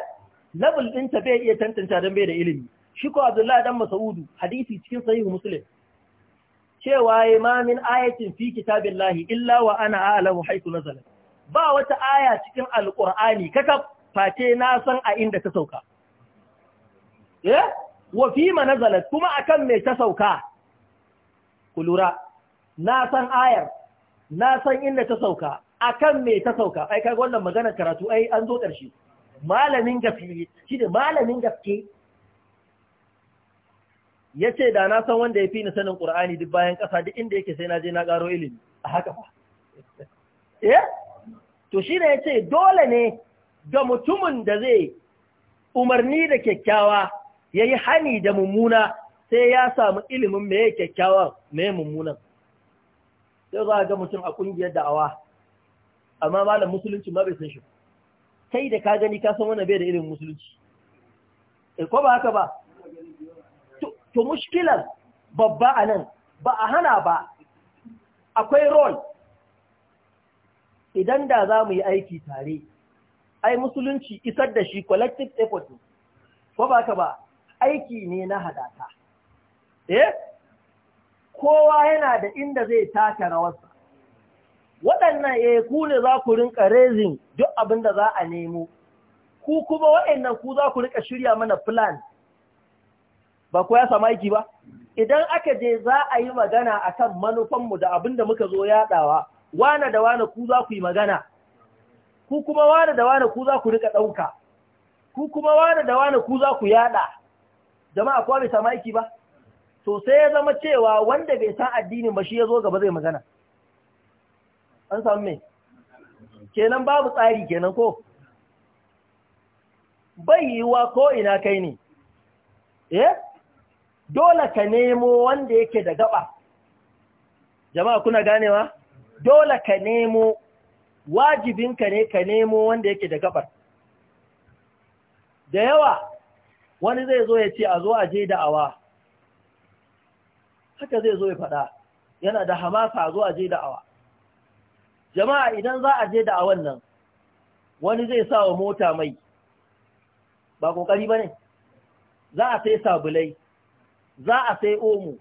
level ɗinta bai iya tantance don bai da ilimi shi ko abdullahi dan masaudu hadisi cikin sahihu muslim cewa ya ma min ayatin fi kitabillahi illa wa ana a'lamu haythu nazala ba wata aya cikin Alƙur'ani, kaka face na san a inda ta sauka eh wa fi ma nazalat kuma akan me ta sauka kulura na san ayar na san inda ta sauka akan mai ta sauka ai wannan magana karatu ai an zo ƙarshe malamin gaske shi ne malamin gaske ya ce da na san wanda ya fi ni sanin ƙur'ani duk bayan ƙasa duk inda yake sai na je na ƙaro ilimi a haka fa eh to shi ne ya ce dole ne ga mutumin da zai umarni da kyakkyawa ya yi hani da mummuna sai ya samu ilimin mai kyakkyawa mai mummunan sai za ga mutum a ƙungiyar da'awa amma malam musulunci ma bai san shi kai da ka gani ka san wannan bai da irin musulunci eh, ko ba haka ba to mushkilar babba a nan ba a hana ba akwai rol idan da za mu yi aiki tare ai musulunci isar da shi collective effort ko ba ka ba aiki ne na hadata eh kowa yana da inda zai taka rawarsa waɗannan eh ku ne za ku rinka raising duk abin da za a nemo ku kuma waɗannan ku za ku rinka shirya mana plan ba ku ya sama aiki ba idan aka je za a yi magana a kan manufanmu da abin da muka zo yaɗawa wane da wane ku za ku yi magana ku kuma wane da wane ku za ku rika ɗauka ku kuma wane da wane ku za ku yaɗa jama'a kuwa bai sama aiki ba to sai ya zama cewa wanda bai san addinin ba shi ya zo gaba zai magana an samu mai kenan babu tsari kenan ko bai yiwuwa ko ina kai ne eh dole ka nemo wanda yake da gaba jama'a kuna ganewa dole ka nemo wajibinka ne ka nemo wanda yake da gabar da yawa wani zai zo ya ce a zo a je da'awa haka zai zo ya faɗa yana da hamasa a zo a je da'awa jama'a idan za a je da a wannan wani zai sa wa mota mai ba kokari ba ne za a sai sabulai za a sai omo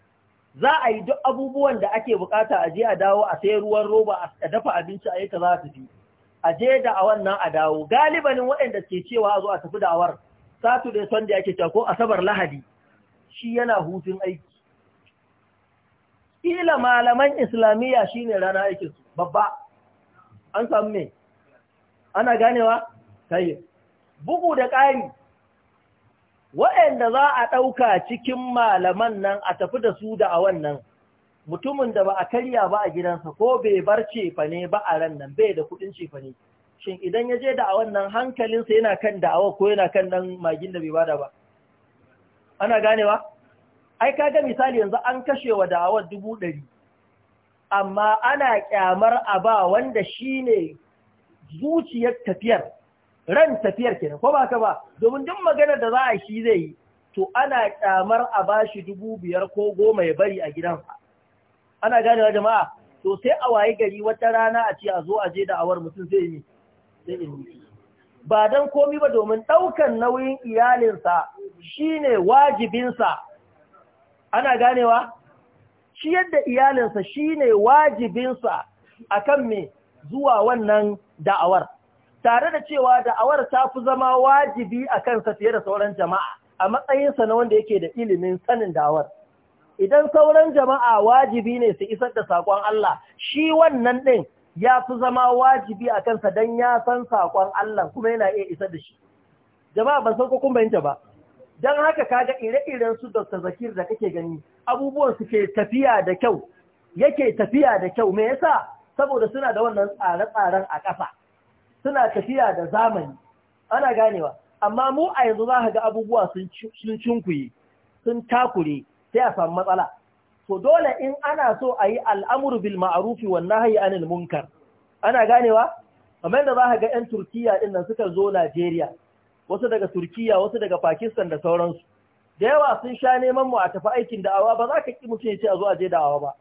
za a yi duk abubuwan da ake bukata a je a dawo a sai ruwan roba a dafa abinci a yi ta za su fi a je da a wannan a dawo galibanin waɗanda ke cewa a zo a tafi da'awar saturday sunday ake cewa asabar lahadi shi yana hutun aiki kila malaman islamiyya shine rana aikinsu babba an samu me ana ganewa sai bugu da ƙari waɗanda za a ɗauka cikin malaman nan a tafi da su da a wannan mutumin da ba a karya ba a gidansa ko bai bar cefa ne ba a ran nan bai da kuɗin cefa ne shin idan ya je da a wannan hankalinsa yana kan da'awa ko yana kan nan magin da bai bada ba ana ganewa ai kaga misali yanzu an kashe wa da'awar dubu ɗari amma ana kyamar a ba wanda shi ne zuciyar tafiyar ran tafiyar kenan ko ba ka ba domin duk maganar da za a shi zai yi to ana kyamar a ba shi dubu biyar ko goma ya bari a gidansa ana ganewa jama'a to sai a wayi gari wata rana a ce a zo a je da awar mutum zai yi yi ba don komi ba domin ɗaukan nauyin iyalinsa shine wajibinsa ana ganewa ciyar da iyalinsa shine wajibinsa akan mai zuwa wannan da'awar tare da cewa da'awar ta fi zama wajibi a kansa fiye da sauran jama'a a matsayinsa na wanda yake da ilimin sanin da'awar idan sauran jama'a wajibi ne su isar da saƙon Allah shi wannan ɗin ya fi zama wajibi a kansa don ya san saƙon Allah kuma yana iya isar da shi jama'a ban san ko kun bayanta ba don haka kaga ire-iren su Dr. Zakir da kake gani abubuwan su ke tafiya da kyau yake tafiya da kyau me yasa saboda suna da wannan tsare-tsaren a ƙasa suna tafiya da zamani ana ganewa amma mu a yanzu za ka ga abubuwa sun cinkuye sun takure sai a samu matsala to dole in ana so a yi al'amuru bil ma'arufi wannan hayi anil munkar ana ganewa kamar da za ka ga 'yan Turkiya ɗin nan suka zo Najeriya wasu daga Turkiya, wasu daga Pakistan da sauransu. Da yawa sun sha neman mu a tafi aikin da'awa ba za ka ki mutum ya ce a zo a je da'awa ba.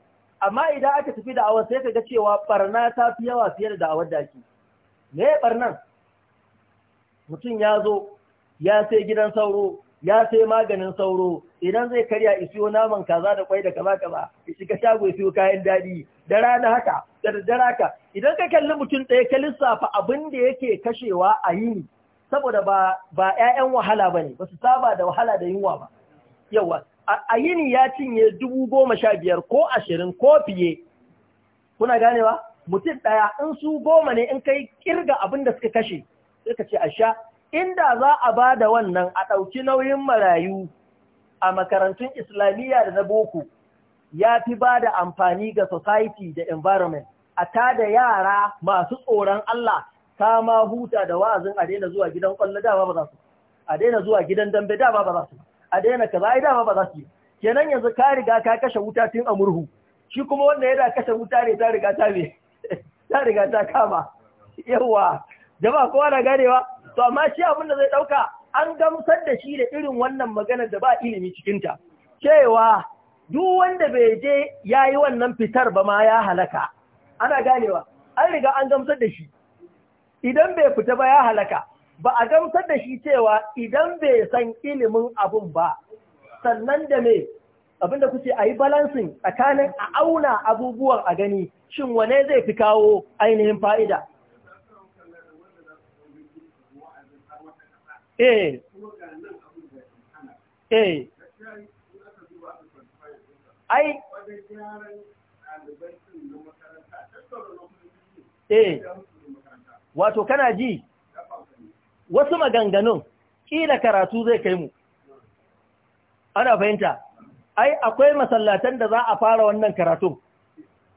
Amma idan aka tafi da'awa sai ka ga cewa barna ta fi yawa fiye da da'awar da ake. Me barnan? Mutum ya zo, ya sai gidan sauro, ya sai maganin sauro, idan zai karya isiyo naman kaza da kwai da kaza kaza, ya shiga shago isiyo kayan daɗi, da rana haka, da daddare haka. Idan ka kalli mutum ɗaya ka lissafa abin da yake kashewa a yini, saboda ba ba ƴaƴan wahala ne, ba su saba da wahala da yunwa ba yawa a yini ya cinye dubu goma sha biyar ko ashirin ko fiye kuna ganewa mutum ɗaya in su goma ne in kai kirga abin da suka kashe sai ce a sha inda za a ba da wannan a ɗauki nauyin marayu a makarantun islamiyya da na boko ya fi ba da amfani ga society da environment a tada yara masu tsoron Allah ta ma huta da wa'azin a daina zuwa gidan kwallo dama ba za su a daina zuwa gidan dambe dama ba za su a daina kaza ai dama ba za su kenan yanzu ka riga ka kashe wuta tun a murhu shi kuma wanda yana kashe wuta ne ta riga ta me ta riga ta kama yawa jama kowa na ganewa to amma shi abin da zai dauka an gamsar da shi da irin wannan maganar da ba ilimi cikin ta cewa duk wanda bai je yayi wannan fitar ba ma ya halaka ana ganewa an riga an gamsar da shi idan bai fita ba ya halaka ba a gamsar da shi cewa idan bai san ilimin abun ba sannan da me abinda kuke a yi balansin tsakanin a auna abubuwan a gani shin wane zai fi kawo ainihin fa'ida eh eh ai eh wato kana ji wasu maganganun ƙila karatu zai kai mu ana fahimta ai akwai masallatan da za a fara wannan karatun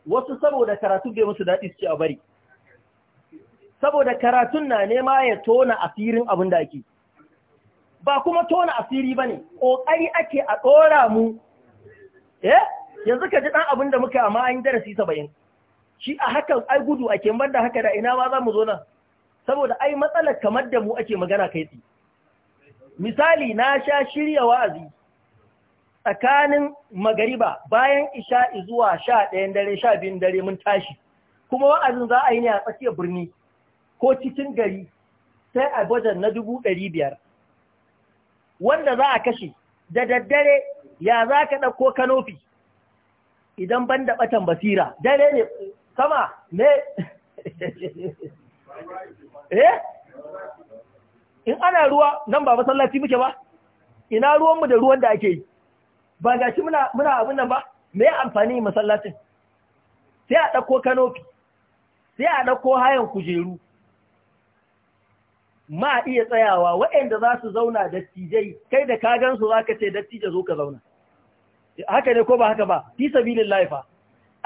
wasu saboda karatu bai musu daɗi su a bari saboda karatun na nema ya tona asirin abin da ake ba kuma tona asiri ba ne ake a ɗora mu eh yanzu ka ji dan abin da muka amma an darasi saba'in shi a hakan ai gudu ake ban da haka da ina ma za mu zo nan saboda ai matsalar kamar da mu ake magana kai tsi misali na sha shirya wa'azi tsakanin magariba bayan isha zuwa sha ɗayan dare sha biyun dare mun tashi kuma wa'azin za a yi ne a tsakiyar birni ko cikin gari sai a bajan na dubu ɗari biyar wanda za a kashe da daddare ya za ka ɗauko kanofi idan ban da ɓatan basira dare ne sama ne eh in ana ruwa nan ba masallaci muke ba ina ruwanmu da ruwan da ake yi ba ga shi muna abin nan ba mai amfani masallacin sai a dauko kanofi sai a ɗauko hayan kujeru ma iya tsayawa waɗanda za su zauna dattijai kai da kagansu za ka ce tijai zo ka zauna haka ne ko ba haka ba fi sabilin laifa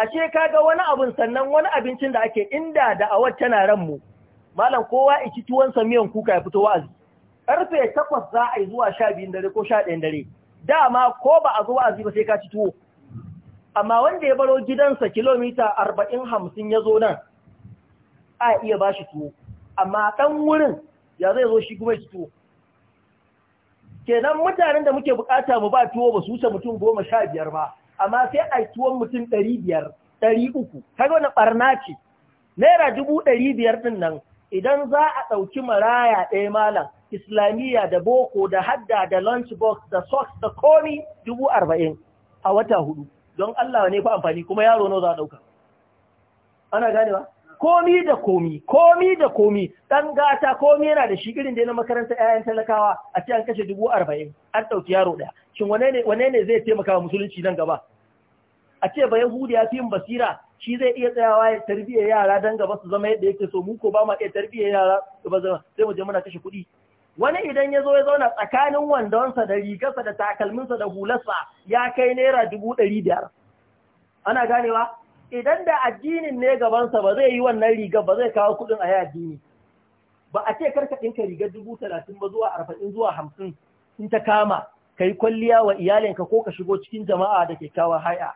ashe kaga wani abin sannan wani abincin da ake inda da a tana ran mu malam kowa ici tuwon samiyan kuka ya fito wa'azi karfe takwas za a yi zuwa sha biyun dare ko sha ɗayan dare dama ko ba a zo wa'azi ba sai ka ci tuwo amma wanda ya baro gidansa kilomita arba'in hamsin ya zo nan a iya ba shi tuwo amma ɗan wurin ya zai zo shi kuma ya ci tuwo kenan mutanen da muke bukata mu ba tuwo ba su wuce mutum goma sha biyar ba amma sai a tuwon mutum ɗari biyar ɗari uku kaga wani ɓarna ce naira dubu ɗari biyar ɗin nan idan za a ɗauki maraya ɗaya malam islamiyya da boko da hadda da lunch box da socks da komi dubu arba'in a wata hudu don Allah ne fa amfani kuma yaro nawa za a ɗauka ana gane ba. komi da komi komi da komi ɗan gata komi yana da shi irin da na makarantar 'ya'yan talakawa a ce an kashe dubu arba'in an ɗauki yaro ɗaya shin wane ne zai taimaka wa musulunci nan gaba a ce ba yahudi ya fi yin basira shi zai iya tsayawa ya tarbiyyar yara don gaba su zama yadda yake so mu ko ba ma iya tarbiyyar yara ba zama sai mu je muna kashe kuɗi wani idan ya zo ya zauna tsakanin wandonsa da rigarsa da takalminsa da hularsa ya kai naira dubu ɗari biyar ana ganewa idan da addinin ne gabansa ba zai yi wannan riga ba zai kawo kudin a yi addini ba a ce karka ɗinka riga dubu talatin ba zuwa arba'in zuwa hamsin in ta kama ka yi kwalliya wa iyalinka ko ka shigo cikin jama'a da ke kawo haya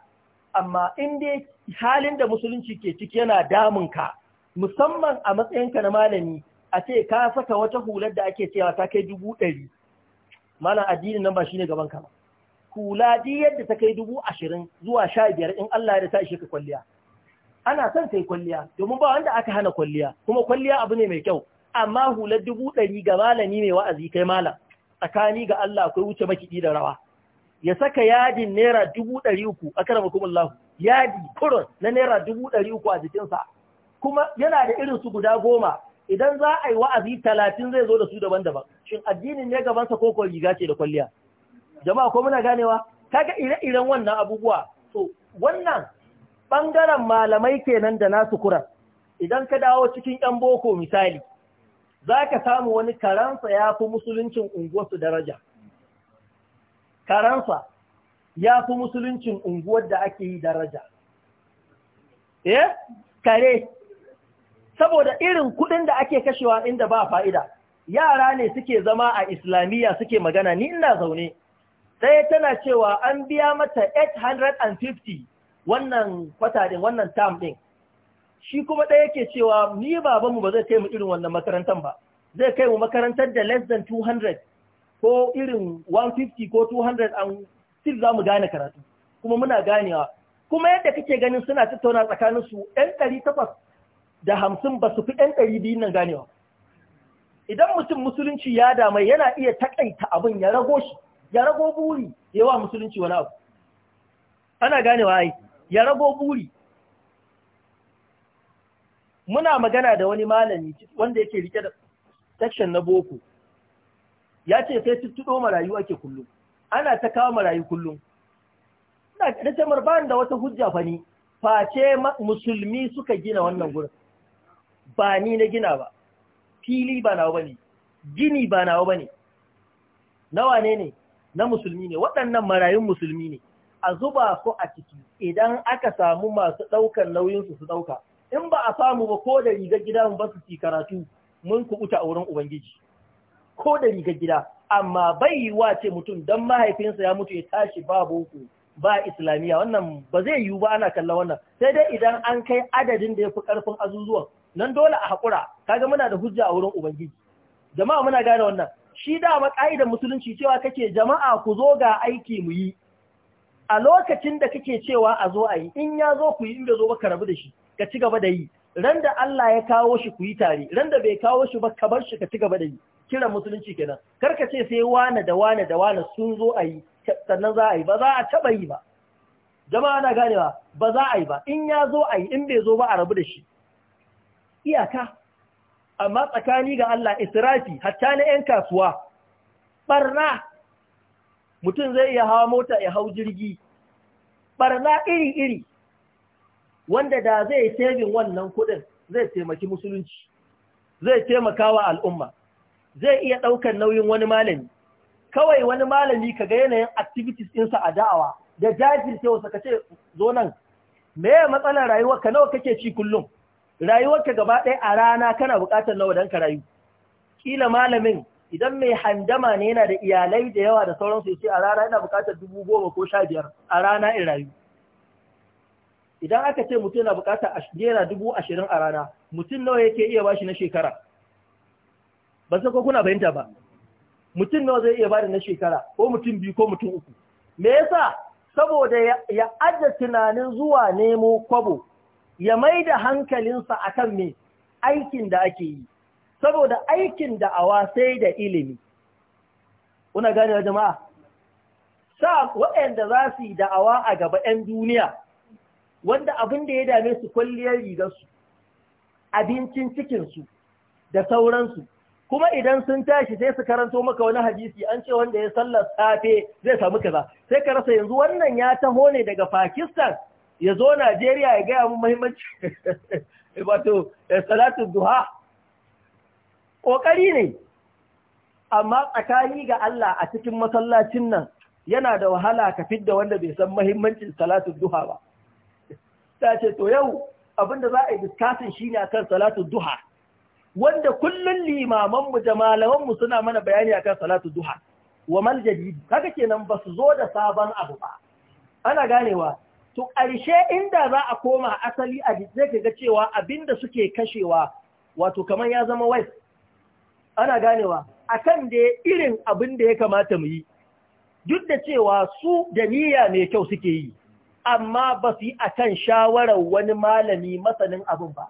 amma in dai halin da musulunci ke ciki yana damun ka, musamman a matsayinka na malami a ce ka saka wata hular da ake cewa ta kai dubu ɗari mana addinin nan ba shine gaban ka ba hula di yadda ta kai dubu ashirin zuwa sha biyar in Allah ya ta ishe ka kwalliya ana son yi kwalliya domin ba wanda aka hana kwalliya kuma kwalliya abu ne mai kyau amma hular dubu ɗari ga malami mai wa'azi kai malam tsakani ga Allah akwai wuce makiɗi da rawa ya saka yadin naira dubu ɗari uku a karama kuma Allah yadi kurun na naira dubu ɗari uku a jikinsa kuma yana da irin su guda goma idan za a yi wa'azi talatin zai zo da su daban-daban shin addinin ne gabansa ko riga ce da kwalliya jama'a ko muna ganewa kaga ire-iren wannan abubuwa to wannan ɓangaren malamai kenan da nasu kura idan ka dawo cikin ‘yan boko misali za ka samu wani karansa ya fi musuluncin unguwarsu daraja karansa ya fi musuluncin unguwar da ake yi daraja eh kare saboda irin kudin da ake kashewa inda ba fa'ida yara ne suke zama a islamiyya suke magana ni ina zaune sai tana cewa an biya mata 850 wannan kwata din wannan tam ɗin. shi kuma ɗaya yake cewa ni babanmu ba zai kai mu irin wannan makarantar ba zai kai mu makarantar da less than 200 ko irin 150 ko 200 an still za mu gane karatu kuma muna ganewa kuma yadda kake ganin suna tattauna tsakanin su ɗan ɗari takwas da hamsin ba su fi ɗan ɗari biyu nan ganewa idan mutum musulunci ya damai yana iya takaita abin ya rago shi ya rago buri ya wa musulunci wani abu ana ganewa ai ya rago buri muna magana da wani malami wanda yake rike da section na boko ya ce sai tuttuɗo marayu ake kullum ana ta kawo marayu kullum na tamar ban da wata hujja fa ni face musulmi suka gina wannan gurin ba ni na gina ba fili ba nawa bane gini ba nawa bane nawa ne ne na musulmi ne waɗannan marayun musulmi ne a zuba su a ciki idan aka samu masu ɗaukar nauyinsu su ɗauka in ba a samu ba ko da rigar gida mu ba su ci karatu mun kubuta a wurin ubangiji ko da rigar gida amma bai yi wa ce mutum don mahaifinsa ya mutu ya tashi ba boko ba islamiyya wannan ba zai yiwu ba ana kalla wannan sai dai idan an kai adadin da ya fi karfin azuzuwan nan dole a haƙura kaga muna da hujja a wurin ubangiji jama'a muna gane wannan shi dama ƙa'idar musulunci cewa kake jama'a ku zo ga aiki mu yi a lokacin da kake cewa a zo a yi in ya zo ku yi in zo ba ka rabu da shi ka ci gaba da yi ran da Allah ya kawo shi ku yi tare ran da bai kawo shi ba ka bar shi ka ci gaba da yi kiran musulunci kenan kar ka ce sai wane da wane da wane sun zo a yi sannan za a yi ba za a taba yi ba jama'a na ganewa ba za a yi ba in ya zo a yi in bai zo ba a rabu da shi iyaka amma tsakani ga Allah israfi hatta na 'yan kasuwa barna mutum zai iya hawa mota ya hau jirgi barna iri-iri wanda da zai tebin wannan kuɗin, zai taimaki musulunci zai taimaka wa al'umma zai iya ɗaukar nauyin wani malami kawai wani malami ka ga yanayin activities ɗinsa a da'awa da jajirce wasu ka ce zo nan me ya matsalar rayuwa ka nawa kake ci kullum rayuwarka gaba ɗaya a rana kana buƙatar nawa don ka rayu kila malamin idan mai handama ne yana da iyalai da yawa da sauransu ya ce a rana yana buƙatar dubu goma ko sha biyar a rana in rayu idan aka ce mutum yana buƙatar naira dubu ashirin a rana mutum nawa yake iya bashi na shekara ban san ko kuna fahimta ba mutum nawa zai iya bada na shekara ko mutum biyu ko mutum uku me yasa saboda ya ajiye tunanin zuwa nemo kwabo ya mai da hankalinsa a kan me aikin da ake yi, saboda aikin da awa sai da ilimi. Kuna gane wa jama'a? Sa waɗanda za su yi da'awa a gaba ‘yan duniya, wanda abin da ya dame su kwalliyar rigarsu, abincin cikinsu da sauransu, kuma idan sun tashi sai su karanto maka wani hadisi an ce wanda ya sallar safe zai samu kaza sai ka rasa yanzu wannan ya taho ne daga Pakistan ya zo Najeriya ya gaya mun muhimmanci wato eh, salatu duha ƙoƙari ne amma tsakani ga Allah a cikin masallacin nan yana da wahala ka fidda wanda bai san muhimmancin salatu duha ba ta ce to yau abin da za a yi diskasin shine akan salatu duha wanda kullun limaman mu jamalawan mu suna mana bayani akan salatu duha wa mal jadid kaga kenan ba su zo da sabon abu ba ana ganewa to ƙarshe inda za a koma asali a zai ga cewa abinda suke kashewa wato kamar ya zama west ana ganewa akan da irin abin da ya kamata mu yi duk da cewa su da niyya mai kyau suke yi amma ba su yi akan shawarar wani malami masanin abin ba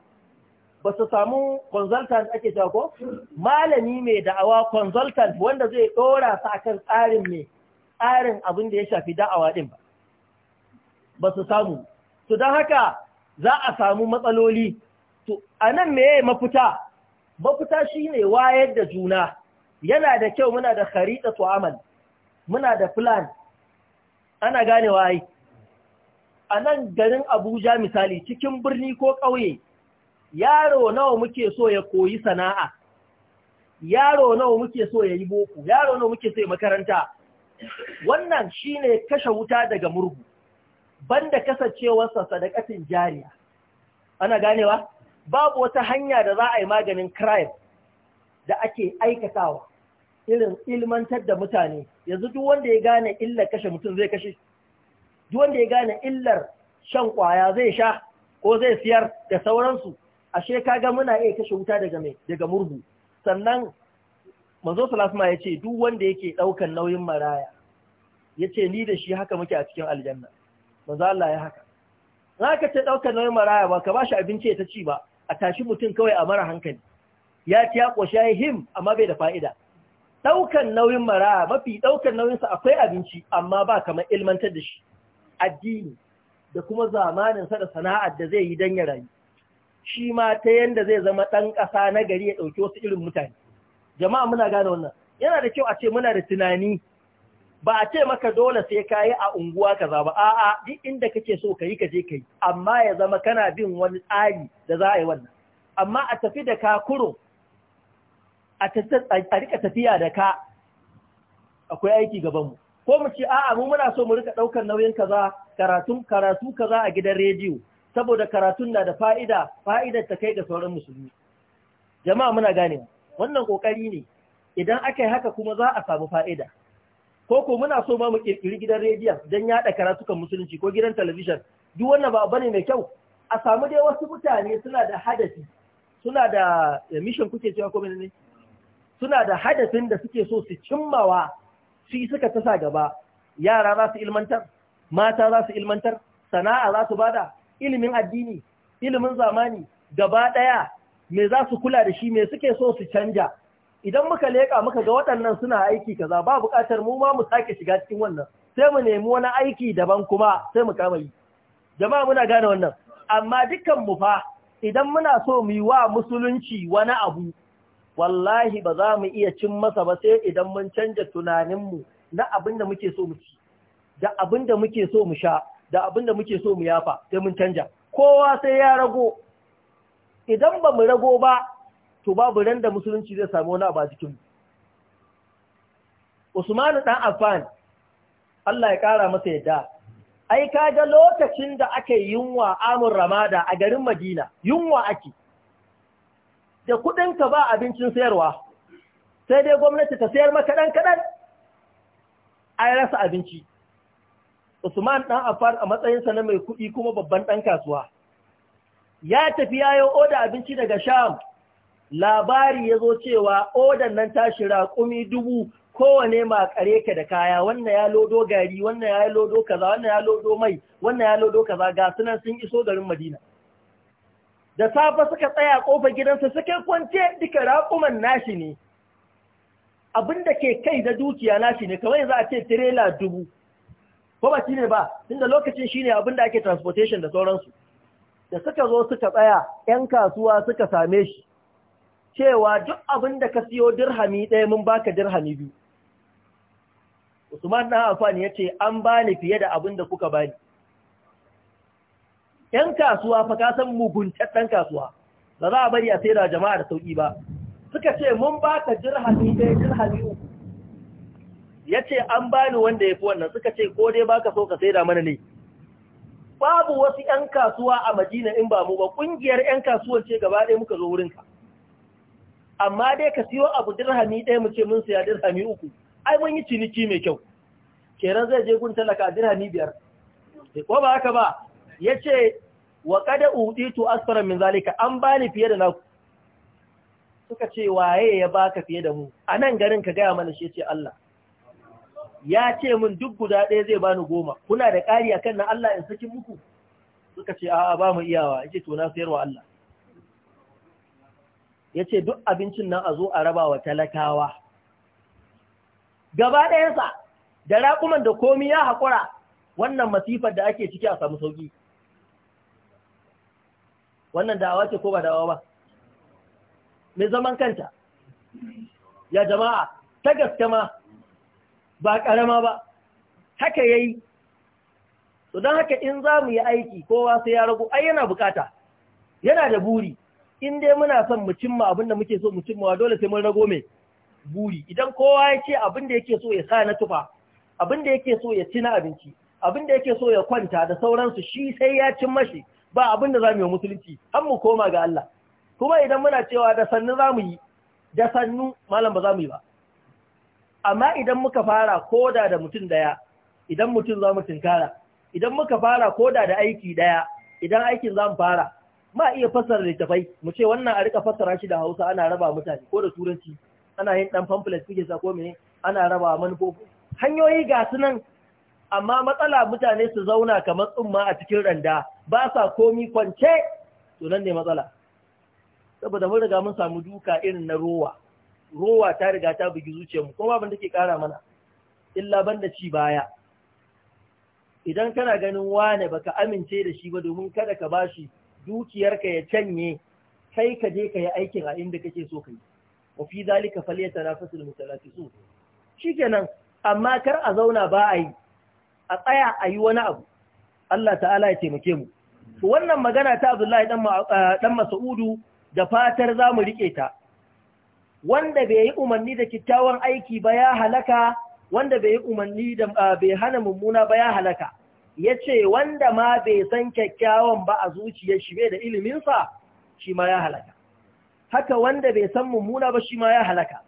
ba su samu consultant ake cewa ko malami mai da'awa consultant wanda zai dora su akan tsarin mai tsarin abin da ya shafi da'awa din ba ba su samu to don haka za a samu matsaloli to a nan meye mafuta shi ne wayar da juna yana da kyau muna da da tu'amal muna da filan. ana gane waye a nan garin Abuja misali cikin birni ko ƙauye yaro nawa muke so ya koyi sana'a yaro nawa muke so ya yi boko yaro nawa muke so ya makaranta wannan shi ne kashe wuta daga murhu banda kasancewarsa sadakatin jariya ana ganewa babu wata hanya da za a yi maganin crime da ake aikatawa irin ilmantar da mutane yanzu duk wanda ya gane illar kashe mutum zai kashe duk wanda ya gane illar shan kwaya zai sha ko zai siyar da sauransu ashe kaga muna iya kashe wuta daga mai daga murhu sannan manzo salasma ya ce duk wanda yake ɗaukan nauyin maraya yace ni da shi haka muke a cikin aljanna manzo Allah ya haka za ka ce ɗaukar nauyin maraya ba ka ba shi abinci ya ta ci ba a tashi mutum kawai a mara hankali ya ci ya ƙoshi ya him amma bai da fa'ida ɗaukar nauyin maraya mafi ɗaukar nauyinsa akwai abinci amma ba kamar ilmantar da shi addini da kuma zamaninsa da sana'ar da zai yi don ya rayu shi ma ta yanda zai zama ɗan ƙasa na gari ya ɗauki wasu irin mutane jama'a muna gane wannan yana da kyau a ce muna da tunani ba a ce maka dole sai ka yi a unguwa kaza ba a'a duk inda kake so ka yi ka je ka yi amma ya zama kana bin wani tsari da za a yi wannan amma a tafi da ka kuro a rika tafiya da ka akwai aiki gabanmu ko mu ce a'a mu muna so mu rika ɗaukar nauyin kaza karatun karatu kaza a gidan rediyo saboda karatun na da fa'ida fa'idar ta kai ga sauran musulmi jama'a muna gane wannan kokari ne idan aka yi haka kuma za a samu fa'ida ko ko muna so ma mu kirkiri gidan rediyon don yaɗa karatukan musulunci ko gidan talabijin duk wannan ba bane mai kyau a samu dai wasu mutane suna da hadasi suna da eh, mission kuke cewa ko ne suna da hadasin da suke so su cimmawa shi suka tasa gaba yara za su ilmantar mata za su ilmantar sana'a za su bada ilimin addini ilimin zamani gaba daya me za su kula da shi me suke so su canja idan muka leƙa muka ga waɗannan suna aiki kaza ba buƙatar mu ma mu sake shiga cikin wannan sai mu nemi wani aiki daban kuma sai mu kama yi jama'a muna gane wannan amma dukkan mu fa idan muna so mu yi wa musulunci wani abu wallahi ba za mu iya cin masa ba sai idan mun canja tunaninmu na abin da muke so mu ci da abin da muke so mu sha da abin da muke so mu yafa sai mun canja kowa sai ya rago idan ba mu rago ba to babu ran da musulunci zai samu wani abu a cikin Usmanu dan Affan Allah ya kara masa yadda ai kaga lokacin da aka yunwa amur ramada a garin Madina yunwa ake da kudin ka ba abincin sayarwa sai dai gwamnati ta sayar maka dan kadan ai rasa abinci Usman dan Affan a matsayin sa na mai kuɗi kuma babban ɗan kasuwa. Ya tafi yayo oda abinci daga Sham labari ya zo cewa odan nan tashi raƙumi dubu kowane makare ka da kaya wannan ya lodo gari wannan ya lodo kaza wannan ya lodo mai wannan ya lodo kaza ga sunan sun iso garin madina da safe suka tsaya kofar gidansa suka kwance duka raƙuman nashi ne abin da ke kai da dukiya nashi ne kamar za a ce tirela dubu ko ba shine ba da lokacin shine abin da ake transportation da sauransu da suka zo suka tsaya 'yan kasuwa suka same shi cewa duk abin da ka siyo dirhami ɗaya mun baka dirhami biyu Usman ɗan amfani ya ce an bani fiye da abin da kuka bani ‘yan kasuwa fa ka san muguntar ɗan kasuwa ba za a bari a saida jama'a da sauƙi ba suka ce mun baka dirhami ɗaya dirhami uku ya ce an bani wanda ya fi wannan suka ce ko dai baka so ka saida mana ne babu wasu ‘yan kasuwa a Madina in ba mu ba ƙungiyar ‘yan kasuwar ce gaba ɗaya muka zo wurinka amma dai ka siyo abu dirhami ɗaya mu ce mun siya dirhami uku ai mun yi ciniki mai kyau kenan zai je gun talaka dirhami biyar eh, ko ba haka ba yace ce wa kada uditu asfara min zalika an bani fiye da naku suka ce waye ya baka fiye da mu anan garin ka gaya mana shi ce Allah ya ce min duk guda ɗaya zai bani goma kuna da ƙari akan na Allah in saki muku suka ce a'a ba mu iyawa yace to na sayarwa Allah ya ce duk abincin nan a zo a raba wa talakawa gaba ɗayansa da raƙuman da komi ya haƙura wannan masifar da ake ciki a samu sauƙi wannan da'awa ce ko ba da'awa ba mai zaman kanta ya jama'a ta gaske ma ba ƙarama ba haka ya yi don haka in za mu yi aiki kowa sai ya ragu ai yana bukata yana da buri in dai muna son mu cimma abin da muke so mu cimma dole sai mun rago mai buri idan kowa ya ce abin da yake so ya sa na tufa abin da yake so ya ci na abinci abin da yake so ya kwanta da sauransu shi sai ya cin mashi ba abin da za mu yi musulunci an mu koma ga Allah kuma idan muna cewa da sannu za yi da sannu malam ba za mu yi ba amma idan muka fara koda da mutum daya idan mutum za mu tinkara idan muka fara koda da aiki daya idan aikin za mu fara ma iya fassara littafai mu ce wannan a rika fassara shi da Hausa ana raba mutane ko da turanci ana yin dan pamphlet kike sa ko me ana raba manufofi hanyoyi ga su nan amma matsala mutane su zauna kamar tsumma a cikin randa ba sa komi kwance to nan ne matsala saboda mun riga mun samu duka irin na rowa rowa ta riga ta bugi zuciyarmu kuma babin ke kara mana illa banda ci baya idan kana ganin wane baka amince da shi ba domin kada ka bashi dukiyarka ya canye sai ka je ka yi aikin a inda kake so ka yi wa fi zalika falyatanafasul mutanafisun shikenan amma kar a zauna ba a yi a tsaya a yi wani abu Allah ta'ala ya taimake mu to wannan magana ta Abdullahi dan eh, Mas'udu da fatar zamu rike ta wanda bai yi umarni da kyakkyawan aiki ba ya halaka wanda bai yi umarni da eh, bai hana mummuna ba ya halaka ya ce wanda ma bai san kyakkyawan ba a zuciyar shi bai da iliminsa shi ma ya halaka haka wanda bai san mummuna ba shi ma ya halaka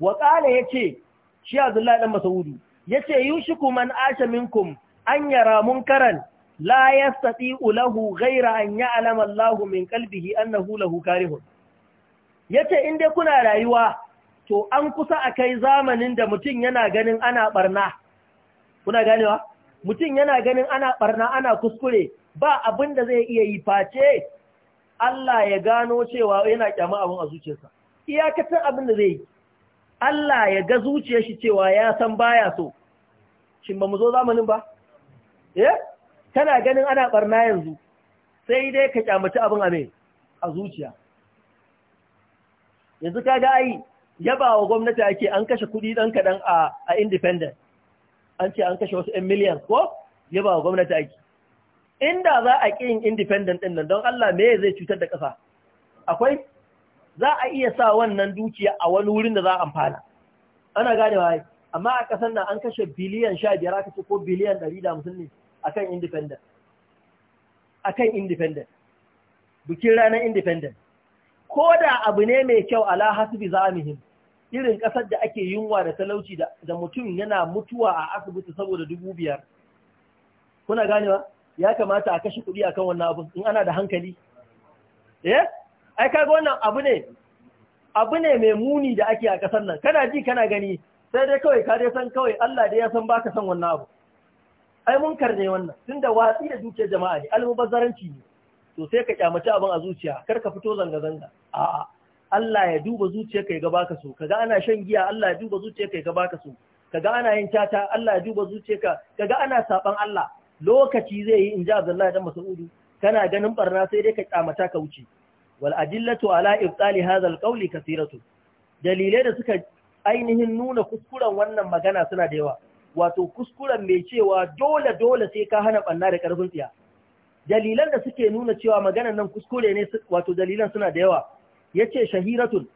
wa ƙala ya ce shi abdullahi ɗan masaudu ya ce yushiku man asha minkum an yara munkaran la yastati'u lahu gaira an ya'lama min qalbihi annahu lahu Ya yace in dai kuna rayuwa to an kusa a kai zamanin da mutum yana ganin ana barna kuna ganewa mutum yana ganin ana barna ana kuskure ba abin da zai iya yi face Allah ya gano cewa yana kyama abin a zuciyarsa iyakacin abin da zai yi Allah ya ga zuciyar shi cewa ya san baya so shin ba mu zo zamanin ba eh kana ganin ana barna yanzu sai dai ka kyamaci abin a zuciya yanzu kaga ai yaba wa gwamnati ake an kashe kuɗi dan kaɗan a independent an ce an kashe wasu 'yan miliyan ko ya ba wa gwamnati aiki inda za a ƙi yin independent ɗin nan don Allah me zai cutar da ƙasa akwai za a iya sa wannan dukiya a wani wurin da za a amfana ana gane wa amma a ƙasar nan an kashe biliyan sha biyar aka ko biliyan ɗari da hamsin ne a kan independent kan independent bikin ranar independent ko da abu ne mai kyau ala hasbi za muhim irin ƙasar da ake yunwa da talauci da mutum yana mutuwa a asibiti saboda dubu biyar. Kuna ganewa? Ya kamata a kashe kuɗi akan wannan abu in ana da hankali. Eh? Ai kaga wannan abu ne abu ne mai muni da ake a ƙasar nan. Kana ji kana gani sai dai kawai ka san kawai Allah dai ya san baka san wannan abu. Ai kar ne wannan Tun da watsi da dukiyar jama'a ne almubazzaranci ne. To sai ka kyamaci abin a zuciya kar ka fito zanga zanga. A'a Allah ya duba zuciyarka ya ga baka so kaga ana shan giya Allah ya duba zuciyarka ya ga baka so kaga ana yin tata Allah ya duba zuciyarka kaga ana saban Allah lokaci zai yi in ji Abdullahi dan Mas'udu kana ganin barna sai dai ka kyamata ka wuce wal adillatu ala ibtali hadha al qawli kathiratu dalilai da suka ainihin nuna kuskuren wannan magana suna da yawa wato kuskuren mai cewa dole dole sai ka hana banna da karfin tsiya dalilan da suke nuna cewa maganan nan kuskure ne wato dalilan suna da yawa Ya ce shahiratun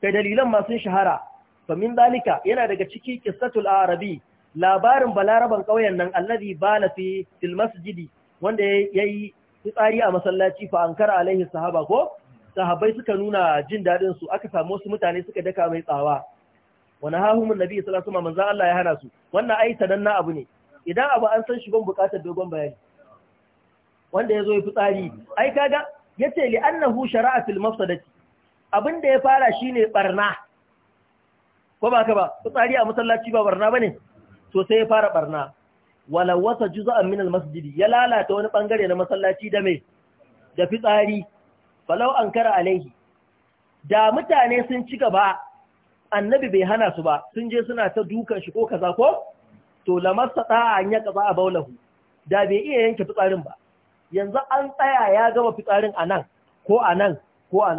ka dalilan masu shahara famin dalika yana daga ciki qissatul arabi labarin balaraban ƙauyen nan allazi bala fi fil masjidi wanda yayi fitsari a masallaci fa ankara alaihi sahaba ko sahabbai suka nuna jin dadin su aka samu wasu mutane suka daka mai tsawa wani hahumun nabi sallallahu alaihi wasallam Allah ya hana su wannan ai sananna abu ne idan abu an san shi ban bukatar dogon bayani wanda yazo ya fitsari ai kaga yace li annahu shara'a fil mafsadati abin da ya fara shi ne ɓarna, ko ba ka ba tsari a masallaci ba barna ne, to sai ya fara ɓarna. wala wasa juz'an a minal Masjidi, ya lalata wani ɓangare na masallaci da mai da fitsari falau ankara alaihi da mutane sun ci gaba annabi bai hana su ba sun je suna ta dukan shi ko kaza ko to lamassa an ya kaza a baulahu da bai iya yanke fitsarin ba yanzu an tsaya ya gama fitsarin a nan ko ko a nan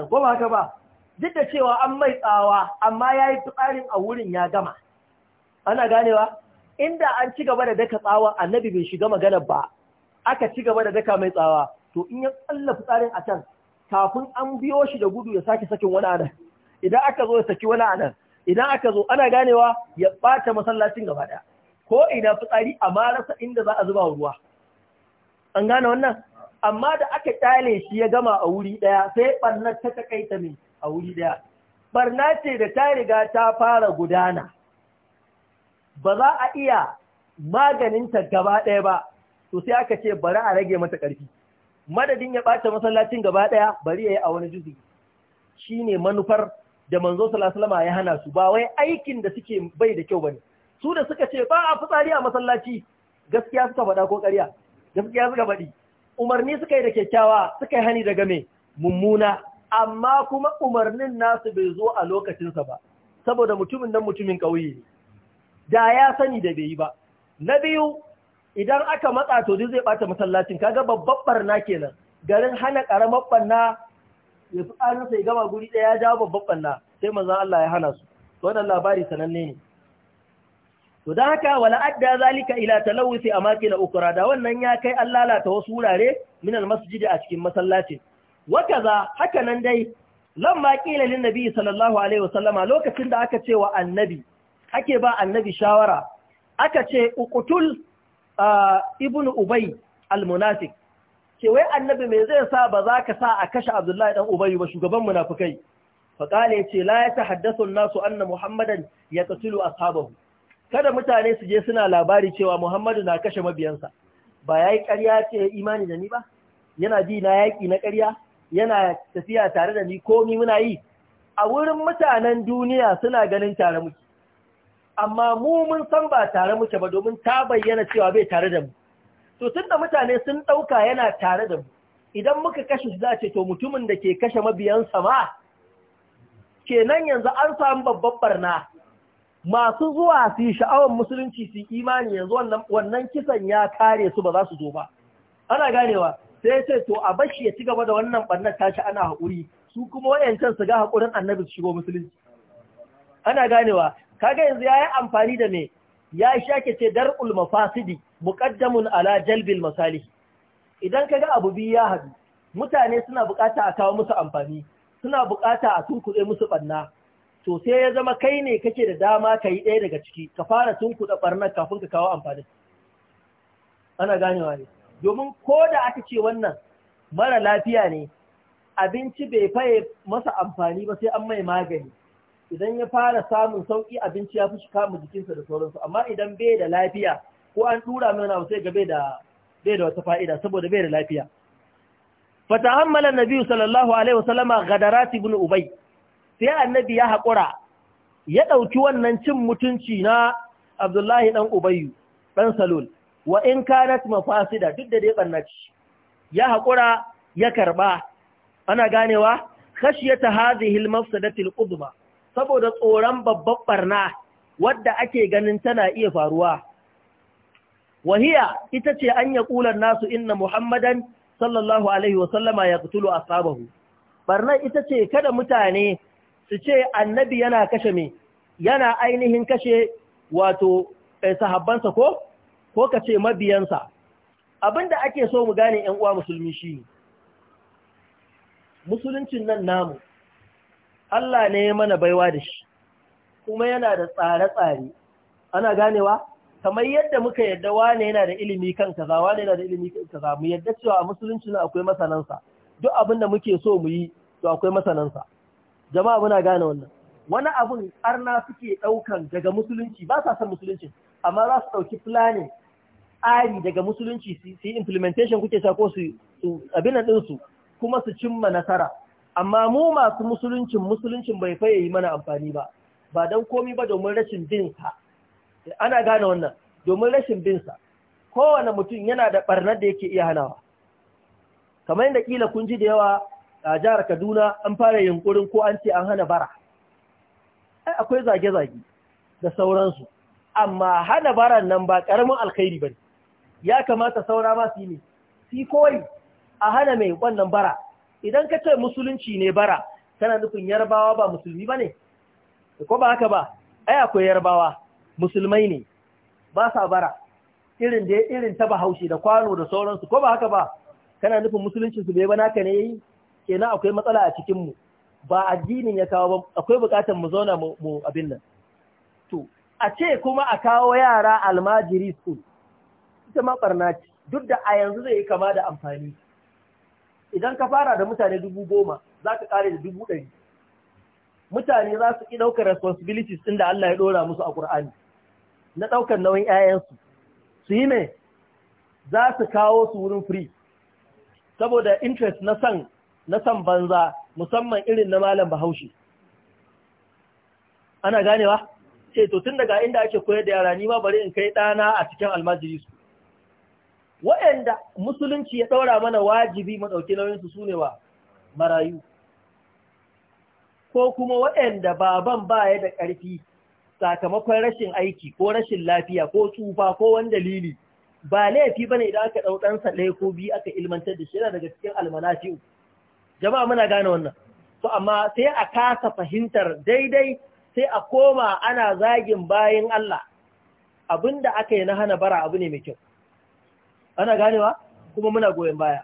ko ba haka ba duk da cewa an mai tsawa amma ya yi fitsarin a wurin ya gama ana ganewa inda an ci gaba da daka tsawa annabi bai shiga magana ba aka ci gaba da daka mai tsawa to in ya tsalla fitsarin a can kafin an biyo shi da gudu ya sake sakin wani anan idan aka zo ya saki wani anan idan aka zo ana ganewa ya ɓata masallacin gaba ɗaya ko ina fitsari a marasa inda za a zuba ruwa an gane wannan amma da aka kyale shi ya gama a wuri ɗaya sai ɓarnar ta takaita mai a wuri daya barna ce da ta riga ta fara gudana ba za a iya maganinta gaba ɗaya ba to sai aka ce bari a rage mata ƙarfi madadin ya ɓata masallacin gaba ɗaya bari ya yi a wani juzi shi ne manufar da manzo salasalama ya hana su ba wai aikin da suke bai da kyau bane su da suka ce ba a fitsari a masallaci gaskiya suka faɗa ko ƙarya gaskiya suka faɗi umarni suka yi da kyakkyawa suka yi hani daga me mummuna amma kuma umarnin nasu bai zo a lokacinsa ba saboda mutumin nan mutumin ƙauye ne da ya sani da bai yi ba na biyu idan aka matsa to zai ɓata masallacin kaga babbar barna kenan garin hana karamar barna ya fi ya gama guri ɗaya ya jawo babbar barna sai manzon Allah ya hana su to wannan labari sananne ne to don haka wala adda zalika ila talawusi a maki ukura da wannan ya kai an lalata wasu wurare min masjidi a cikin masallacin wakaza haka nan dai lamma qila lin nabi sallallahu alaihi wasallama lokacin da aka ce wa annabi ake ba annabi shawara aka ce uqtul ibnu ubay almunafiq Ke wai annabi me zai sa ba za ka sa a kashe abdullahi dan ubay ba shugaban munafikai faƙale yace ce la nasu anna muhammadan yaqtulu ashabahu kada mutane su je suna labari cewa muhammadu na kashe mabiyansa ba yayi ƙarya ce imani da ni ba yana ji na yaƙi na ƙarya yana tafiya tare da ni komi muna yi a wurin mutanen duniya suna ganin tare muke amma mu mun san ba tare muke ba domin ta bayyana cewa bai tare da mu to tunda mutane sun ɗauka yana tare da mu idan muka kashe shi za ce to mutumin da ke kashe sa ma kenan yanzu an samu babban barna masu zuwa su yi sha'awar musulunci su imani yanzu wannan kisan ya kare su ba za su zo ba ana ganewa sai sai to a bashi ya ci gaba da wannan barnar tashi ana haƙuri su kuma wayancan su ga haƙurin annabi su shigo musulunci ana ganewa kaga yanzu yayi amfani da me ya shake ce dar'ul mafasidi muqaddamun ala jalbil masalih idan kaga abu biyu ya haɗu mutane suna bukata a kawo musu amfani suna bukata a tunkuɗe musu barna to sai ya zama kai ne kake da dama ka ɗaya daga ciki ka fara tunkuɗe barnar kafin ka kawo amfani ana ganewa ne domin ko da aka ce wannan mara lafiya ne abinci bai faye masa amfani ba sai an mai magani idan ya fara samun sauki abinci ya fi shi kama jikinsa da sauransu amma idan bai da lafiya ko an dura mai wani sai ga bai da bai wata fa'ida saboda bai da lafiya fata'ammala nabi sallallahu alaihi wasallama ghadarat ibn ubay sai annabi ya hakura ya ɗauki wannan cin mutunci na abdullahi ɗan ubayyu ɗan salul wa in kanat mafasida duk da dai bannaci ya haƙura ya karba ana ganewa khashiyata hadhihi al-mafsadati al-udma saboda tsoron babban barna wadda ake ganin tana iya faruwa wahiya ita ce an ya nasu inna muhammadan sallallahu alaihi wasallama ya kutulu ashabahu barna ita ce kada mutane su ce annabi yana kashe me yana ainihin kashe wato eh, sahabbansa ko ko ka ce mabiyansa abinda ake so mu gane ‘yan uwa musulmi shi ne musuluncin nan namu Allah ne ya mana baiwa da shi kuma yana da tsare-tsare ana ganewa kamar yadda muka yadda wane yana da ilimi kan kaza wane yana da ilimi kan kaza mu yadda cewa musulunci na akwai masanansa duk abin da muke so mu yi to akwai masanansa jama'a muna gane wannan wani abin arna suke daukan daga musulunci ba sa son musulunci amma za su dauki planning tsari daga musulunci su yi implementation kuke sa ko su abin su kuma su cimma nasara amma mu masu musuluncin musuluncin bai faye yi mana amfani ba ba don komi ba domin rashin bin sa ana gane wannan domin rashin bin sa kowane mutum yana da barnar da yake iya hanawa kamar yadda kila kun ji da yawa a jihar Kaduna an fara yunkurin ko an ce an hana bara akwai zage-zage da sauransu amma hana baran nan ba karamin alkhairi bane ya kamata saura ma su yi ne si koyi a hana mai wannan bara idan ka ce musulunci ne bara tana nufin yarbawa ba musulmi ba ne ko ba haka ba ai akwai yarbawa musulmai ne ba sa bara irin da irin ta bahaushe da kwano da sauransu ko ba haka ba kana nufin musuluncinsu su bai ba naka ne Ke kenan akwai matsala a cikinmu? ba addinin ya kawo ba akwai bukatar mu zauna mu abin nan to a ce kuma a kawo yara almajiri school ita ma barna ce duk da a yanzu zai yi kama da amfani idan ka fara da mutane dubu goma za ka kare da dubu ɗari mutane za su ki ɗaukar responsibilities ɗin da Allah ya ɗora musu a Ƙur'ani. na ɗaukar nauyin 'ya'yansu su yi mai za su kawo su wurin free saboda interest na san na san banza musamman irin na malam bahaushe ana ganewa ce eh, to tun daga inda ake koyar da yara ni ma bari in kai ɗana a cikin almajiri waɗanda musulunci ya ɗaura mana wajibi maɗauki nauyinsu su ne wa marayu ko kuma waɗanda baban baya da ƙarfi sakamakon rashin aiki ko rashin lafiya ko tsufa ko wani dalili ba laifi ba ne idan aka ɗau ɗansa ɗaya ko biyu aka ilmantar da shi yana daga cikin almanafi'u jama'a muna gane wannan to amma sai a kasa fahimtar daidai sai a koma ana zagin bayan Allah abinda aka yi na hana bara abu ne mai kyau ana ganewa kuma muna goyon baya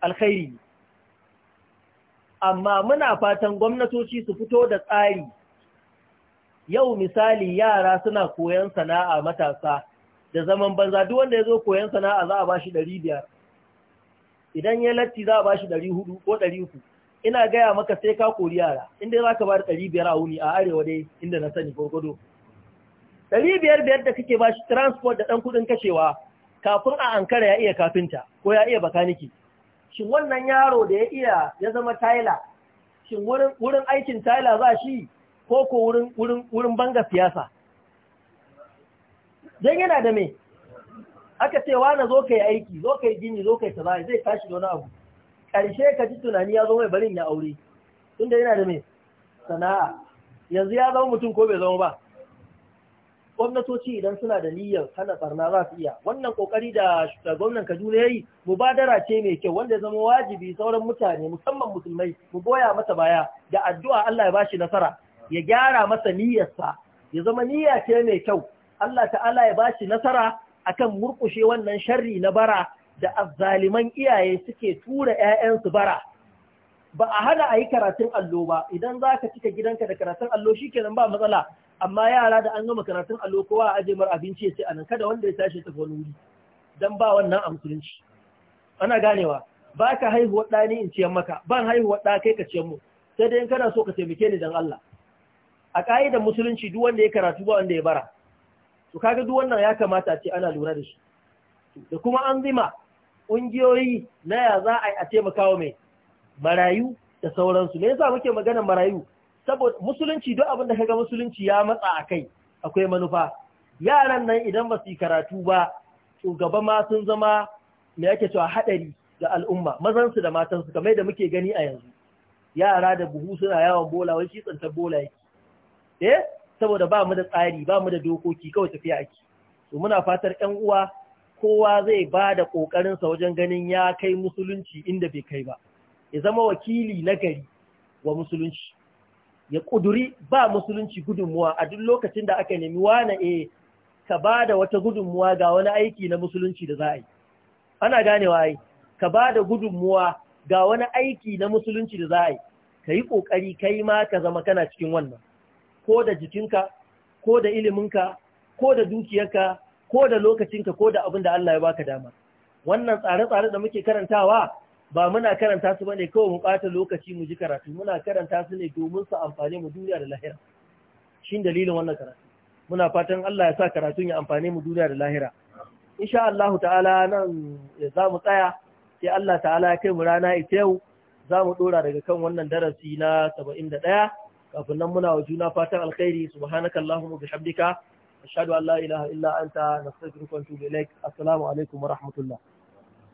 alkhairi amma muna fatan gwamnatoci su fito da tsari yau misali yara suna koyon sana'a matasa da zaman banza duk wanda ya zo koyon sana'a za a ba shi ɗari idan ya latti za a ba shi ɗari ko ɗari uku ina gaya maka sai ka kori yara inda za ka ba da ɗari a wuni a arewa dai inda na sani gwargwado ɗari biyar da kake ba shi transport da ɗan kuɗin kashewa kafin a ankara ya iya kafinta ko ya iya bakaniki shin wannan yaro da ya iya ya zama tayla shin wurin aikin tayla za shi ko ko wurin banga siyasa don yana da me aka ce na zo ka yi aiki zo ka yi gini zo ka yi tabayi zai tashi da wani abu ƙarshe ka ji tunani ya zo mai barin ya aure tunda yana da me sana'a yanzu ya zama mutum ko bai zama ba gwamnatoci idan suna da niyyar hana barna za su iya wannan kokari da gwamnan Kaduna yayi mubadara ce mai kyau wanda ya zama wajibi sauran mutane musamman musulmai mu goya masa baya da addu'a Allah ya bashi nasara ya gyara masa niyyarsa ya zama niyya ce mai kyau Allah ta'ala ya bashi nasara akan murkushe wannan sharri na bara da azzaliman iyaye suke tura 'ya'yansu bara ba a hana a yi karatun allo ba idan za ka cika gidanka da karatun allo shi kenan ba matsala amma yara da an gama karatun allo kowa a ajiyar abinci ya ce nan, kada wanda ya tashi tafi wani wuri don ba wannan a musulunci ana ganewa ba ka haihuwar ɗa ne in ciyar maka ban haihuwar ɗa kai ka ciyar mu sai dai in kana so ka taimake ni don Allah a ƙa'idar musulunci duk wanda ya karatu ba wanda ya bara to kaga duk wannan ya kamata ce ana lura da shi da kuma an zima ƙungiyoyi na ya za a yi a taimakawa mai marayu da sauransu me yasa muke maganar marayu saboda musulunci duk abin da kaga musulunci ya matsa a kai akwai manufa yaran nan idan ba su yi karatu ba to gaba ma sun zama me yake cewa hadari ga al'umma mazansu da matansu kamar da muke gani a yanzu yara da buhu suna yawon bola wai shi tsantar bola yake eh saboda ba mu da tsari ba mu da dokoki kawai tafiya ake to muna fatar ƴan uwa kowa zai ba da ƙoƙarinsa wajen ganin ya kai musulunci inda bai kai ba ya zama wakili na gari wa musulunci ya ƙuduri ba musulunci gudunmuwa a duk lokacin da aka nemi wane e ka ba da wata gudunmuwa ga wani aiki na musulunci da za a yi ana ganewa ai ka ba da gudunmuwa ga wani aiki na musulunci da za a yi ka yi ƙoƙari kai ma ka zama kana cikin wannan ko da jikinka ko da iliminka ko da dukiyarka ko da lokacinka ko da abin da Allah ya baka dama wannan tsare-tsare da muke karantawa ba muna karanta su ba ne kawai mu ɓata lokaci mu ji karatu muna karanta su ne domin su amfane mu duniya da lahira shin dalilin wannan karatu muna fatan Allah ya sa karatun ya amfane mu duniya da lahira insha Allah ta'ala nan za mu tsaya sai Allah ta'ala ya kai mu rana ita yau za mu dora daga kan wannan darasi na 71 kafin nan muna wa juna fatan alkhairi subhanakallahumma bihamdika ashhadu an la ilaha illa anta nastaghfiruka wa atubu ilaik assalamu alaikum wa rahmatullah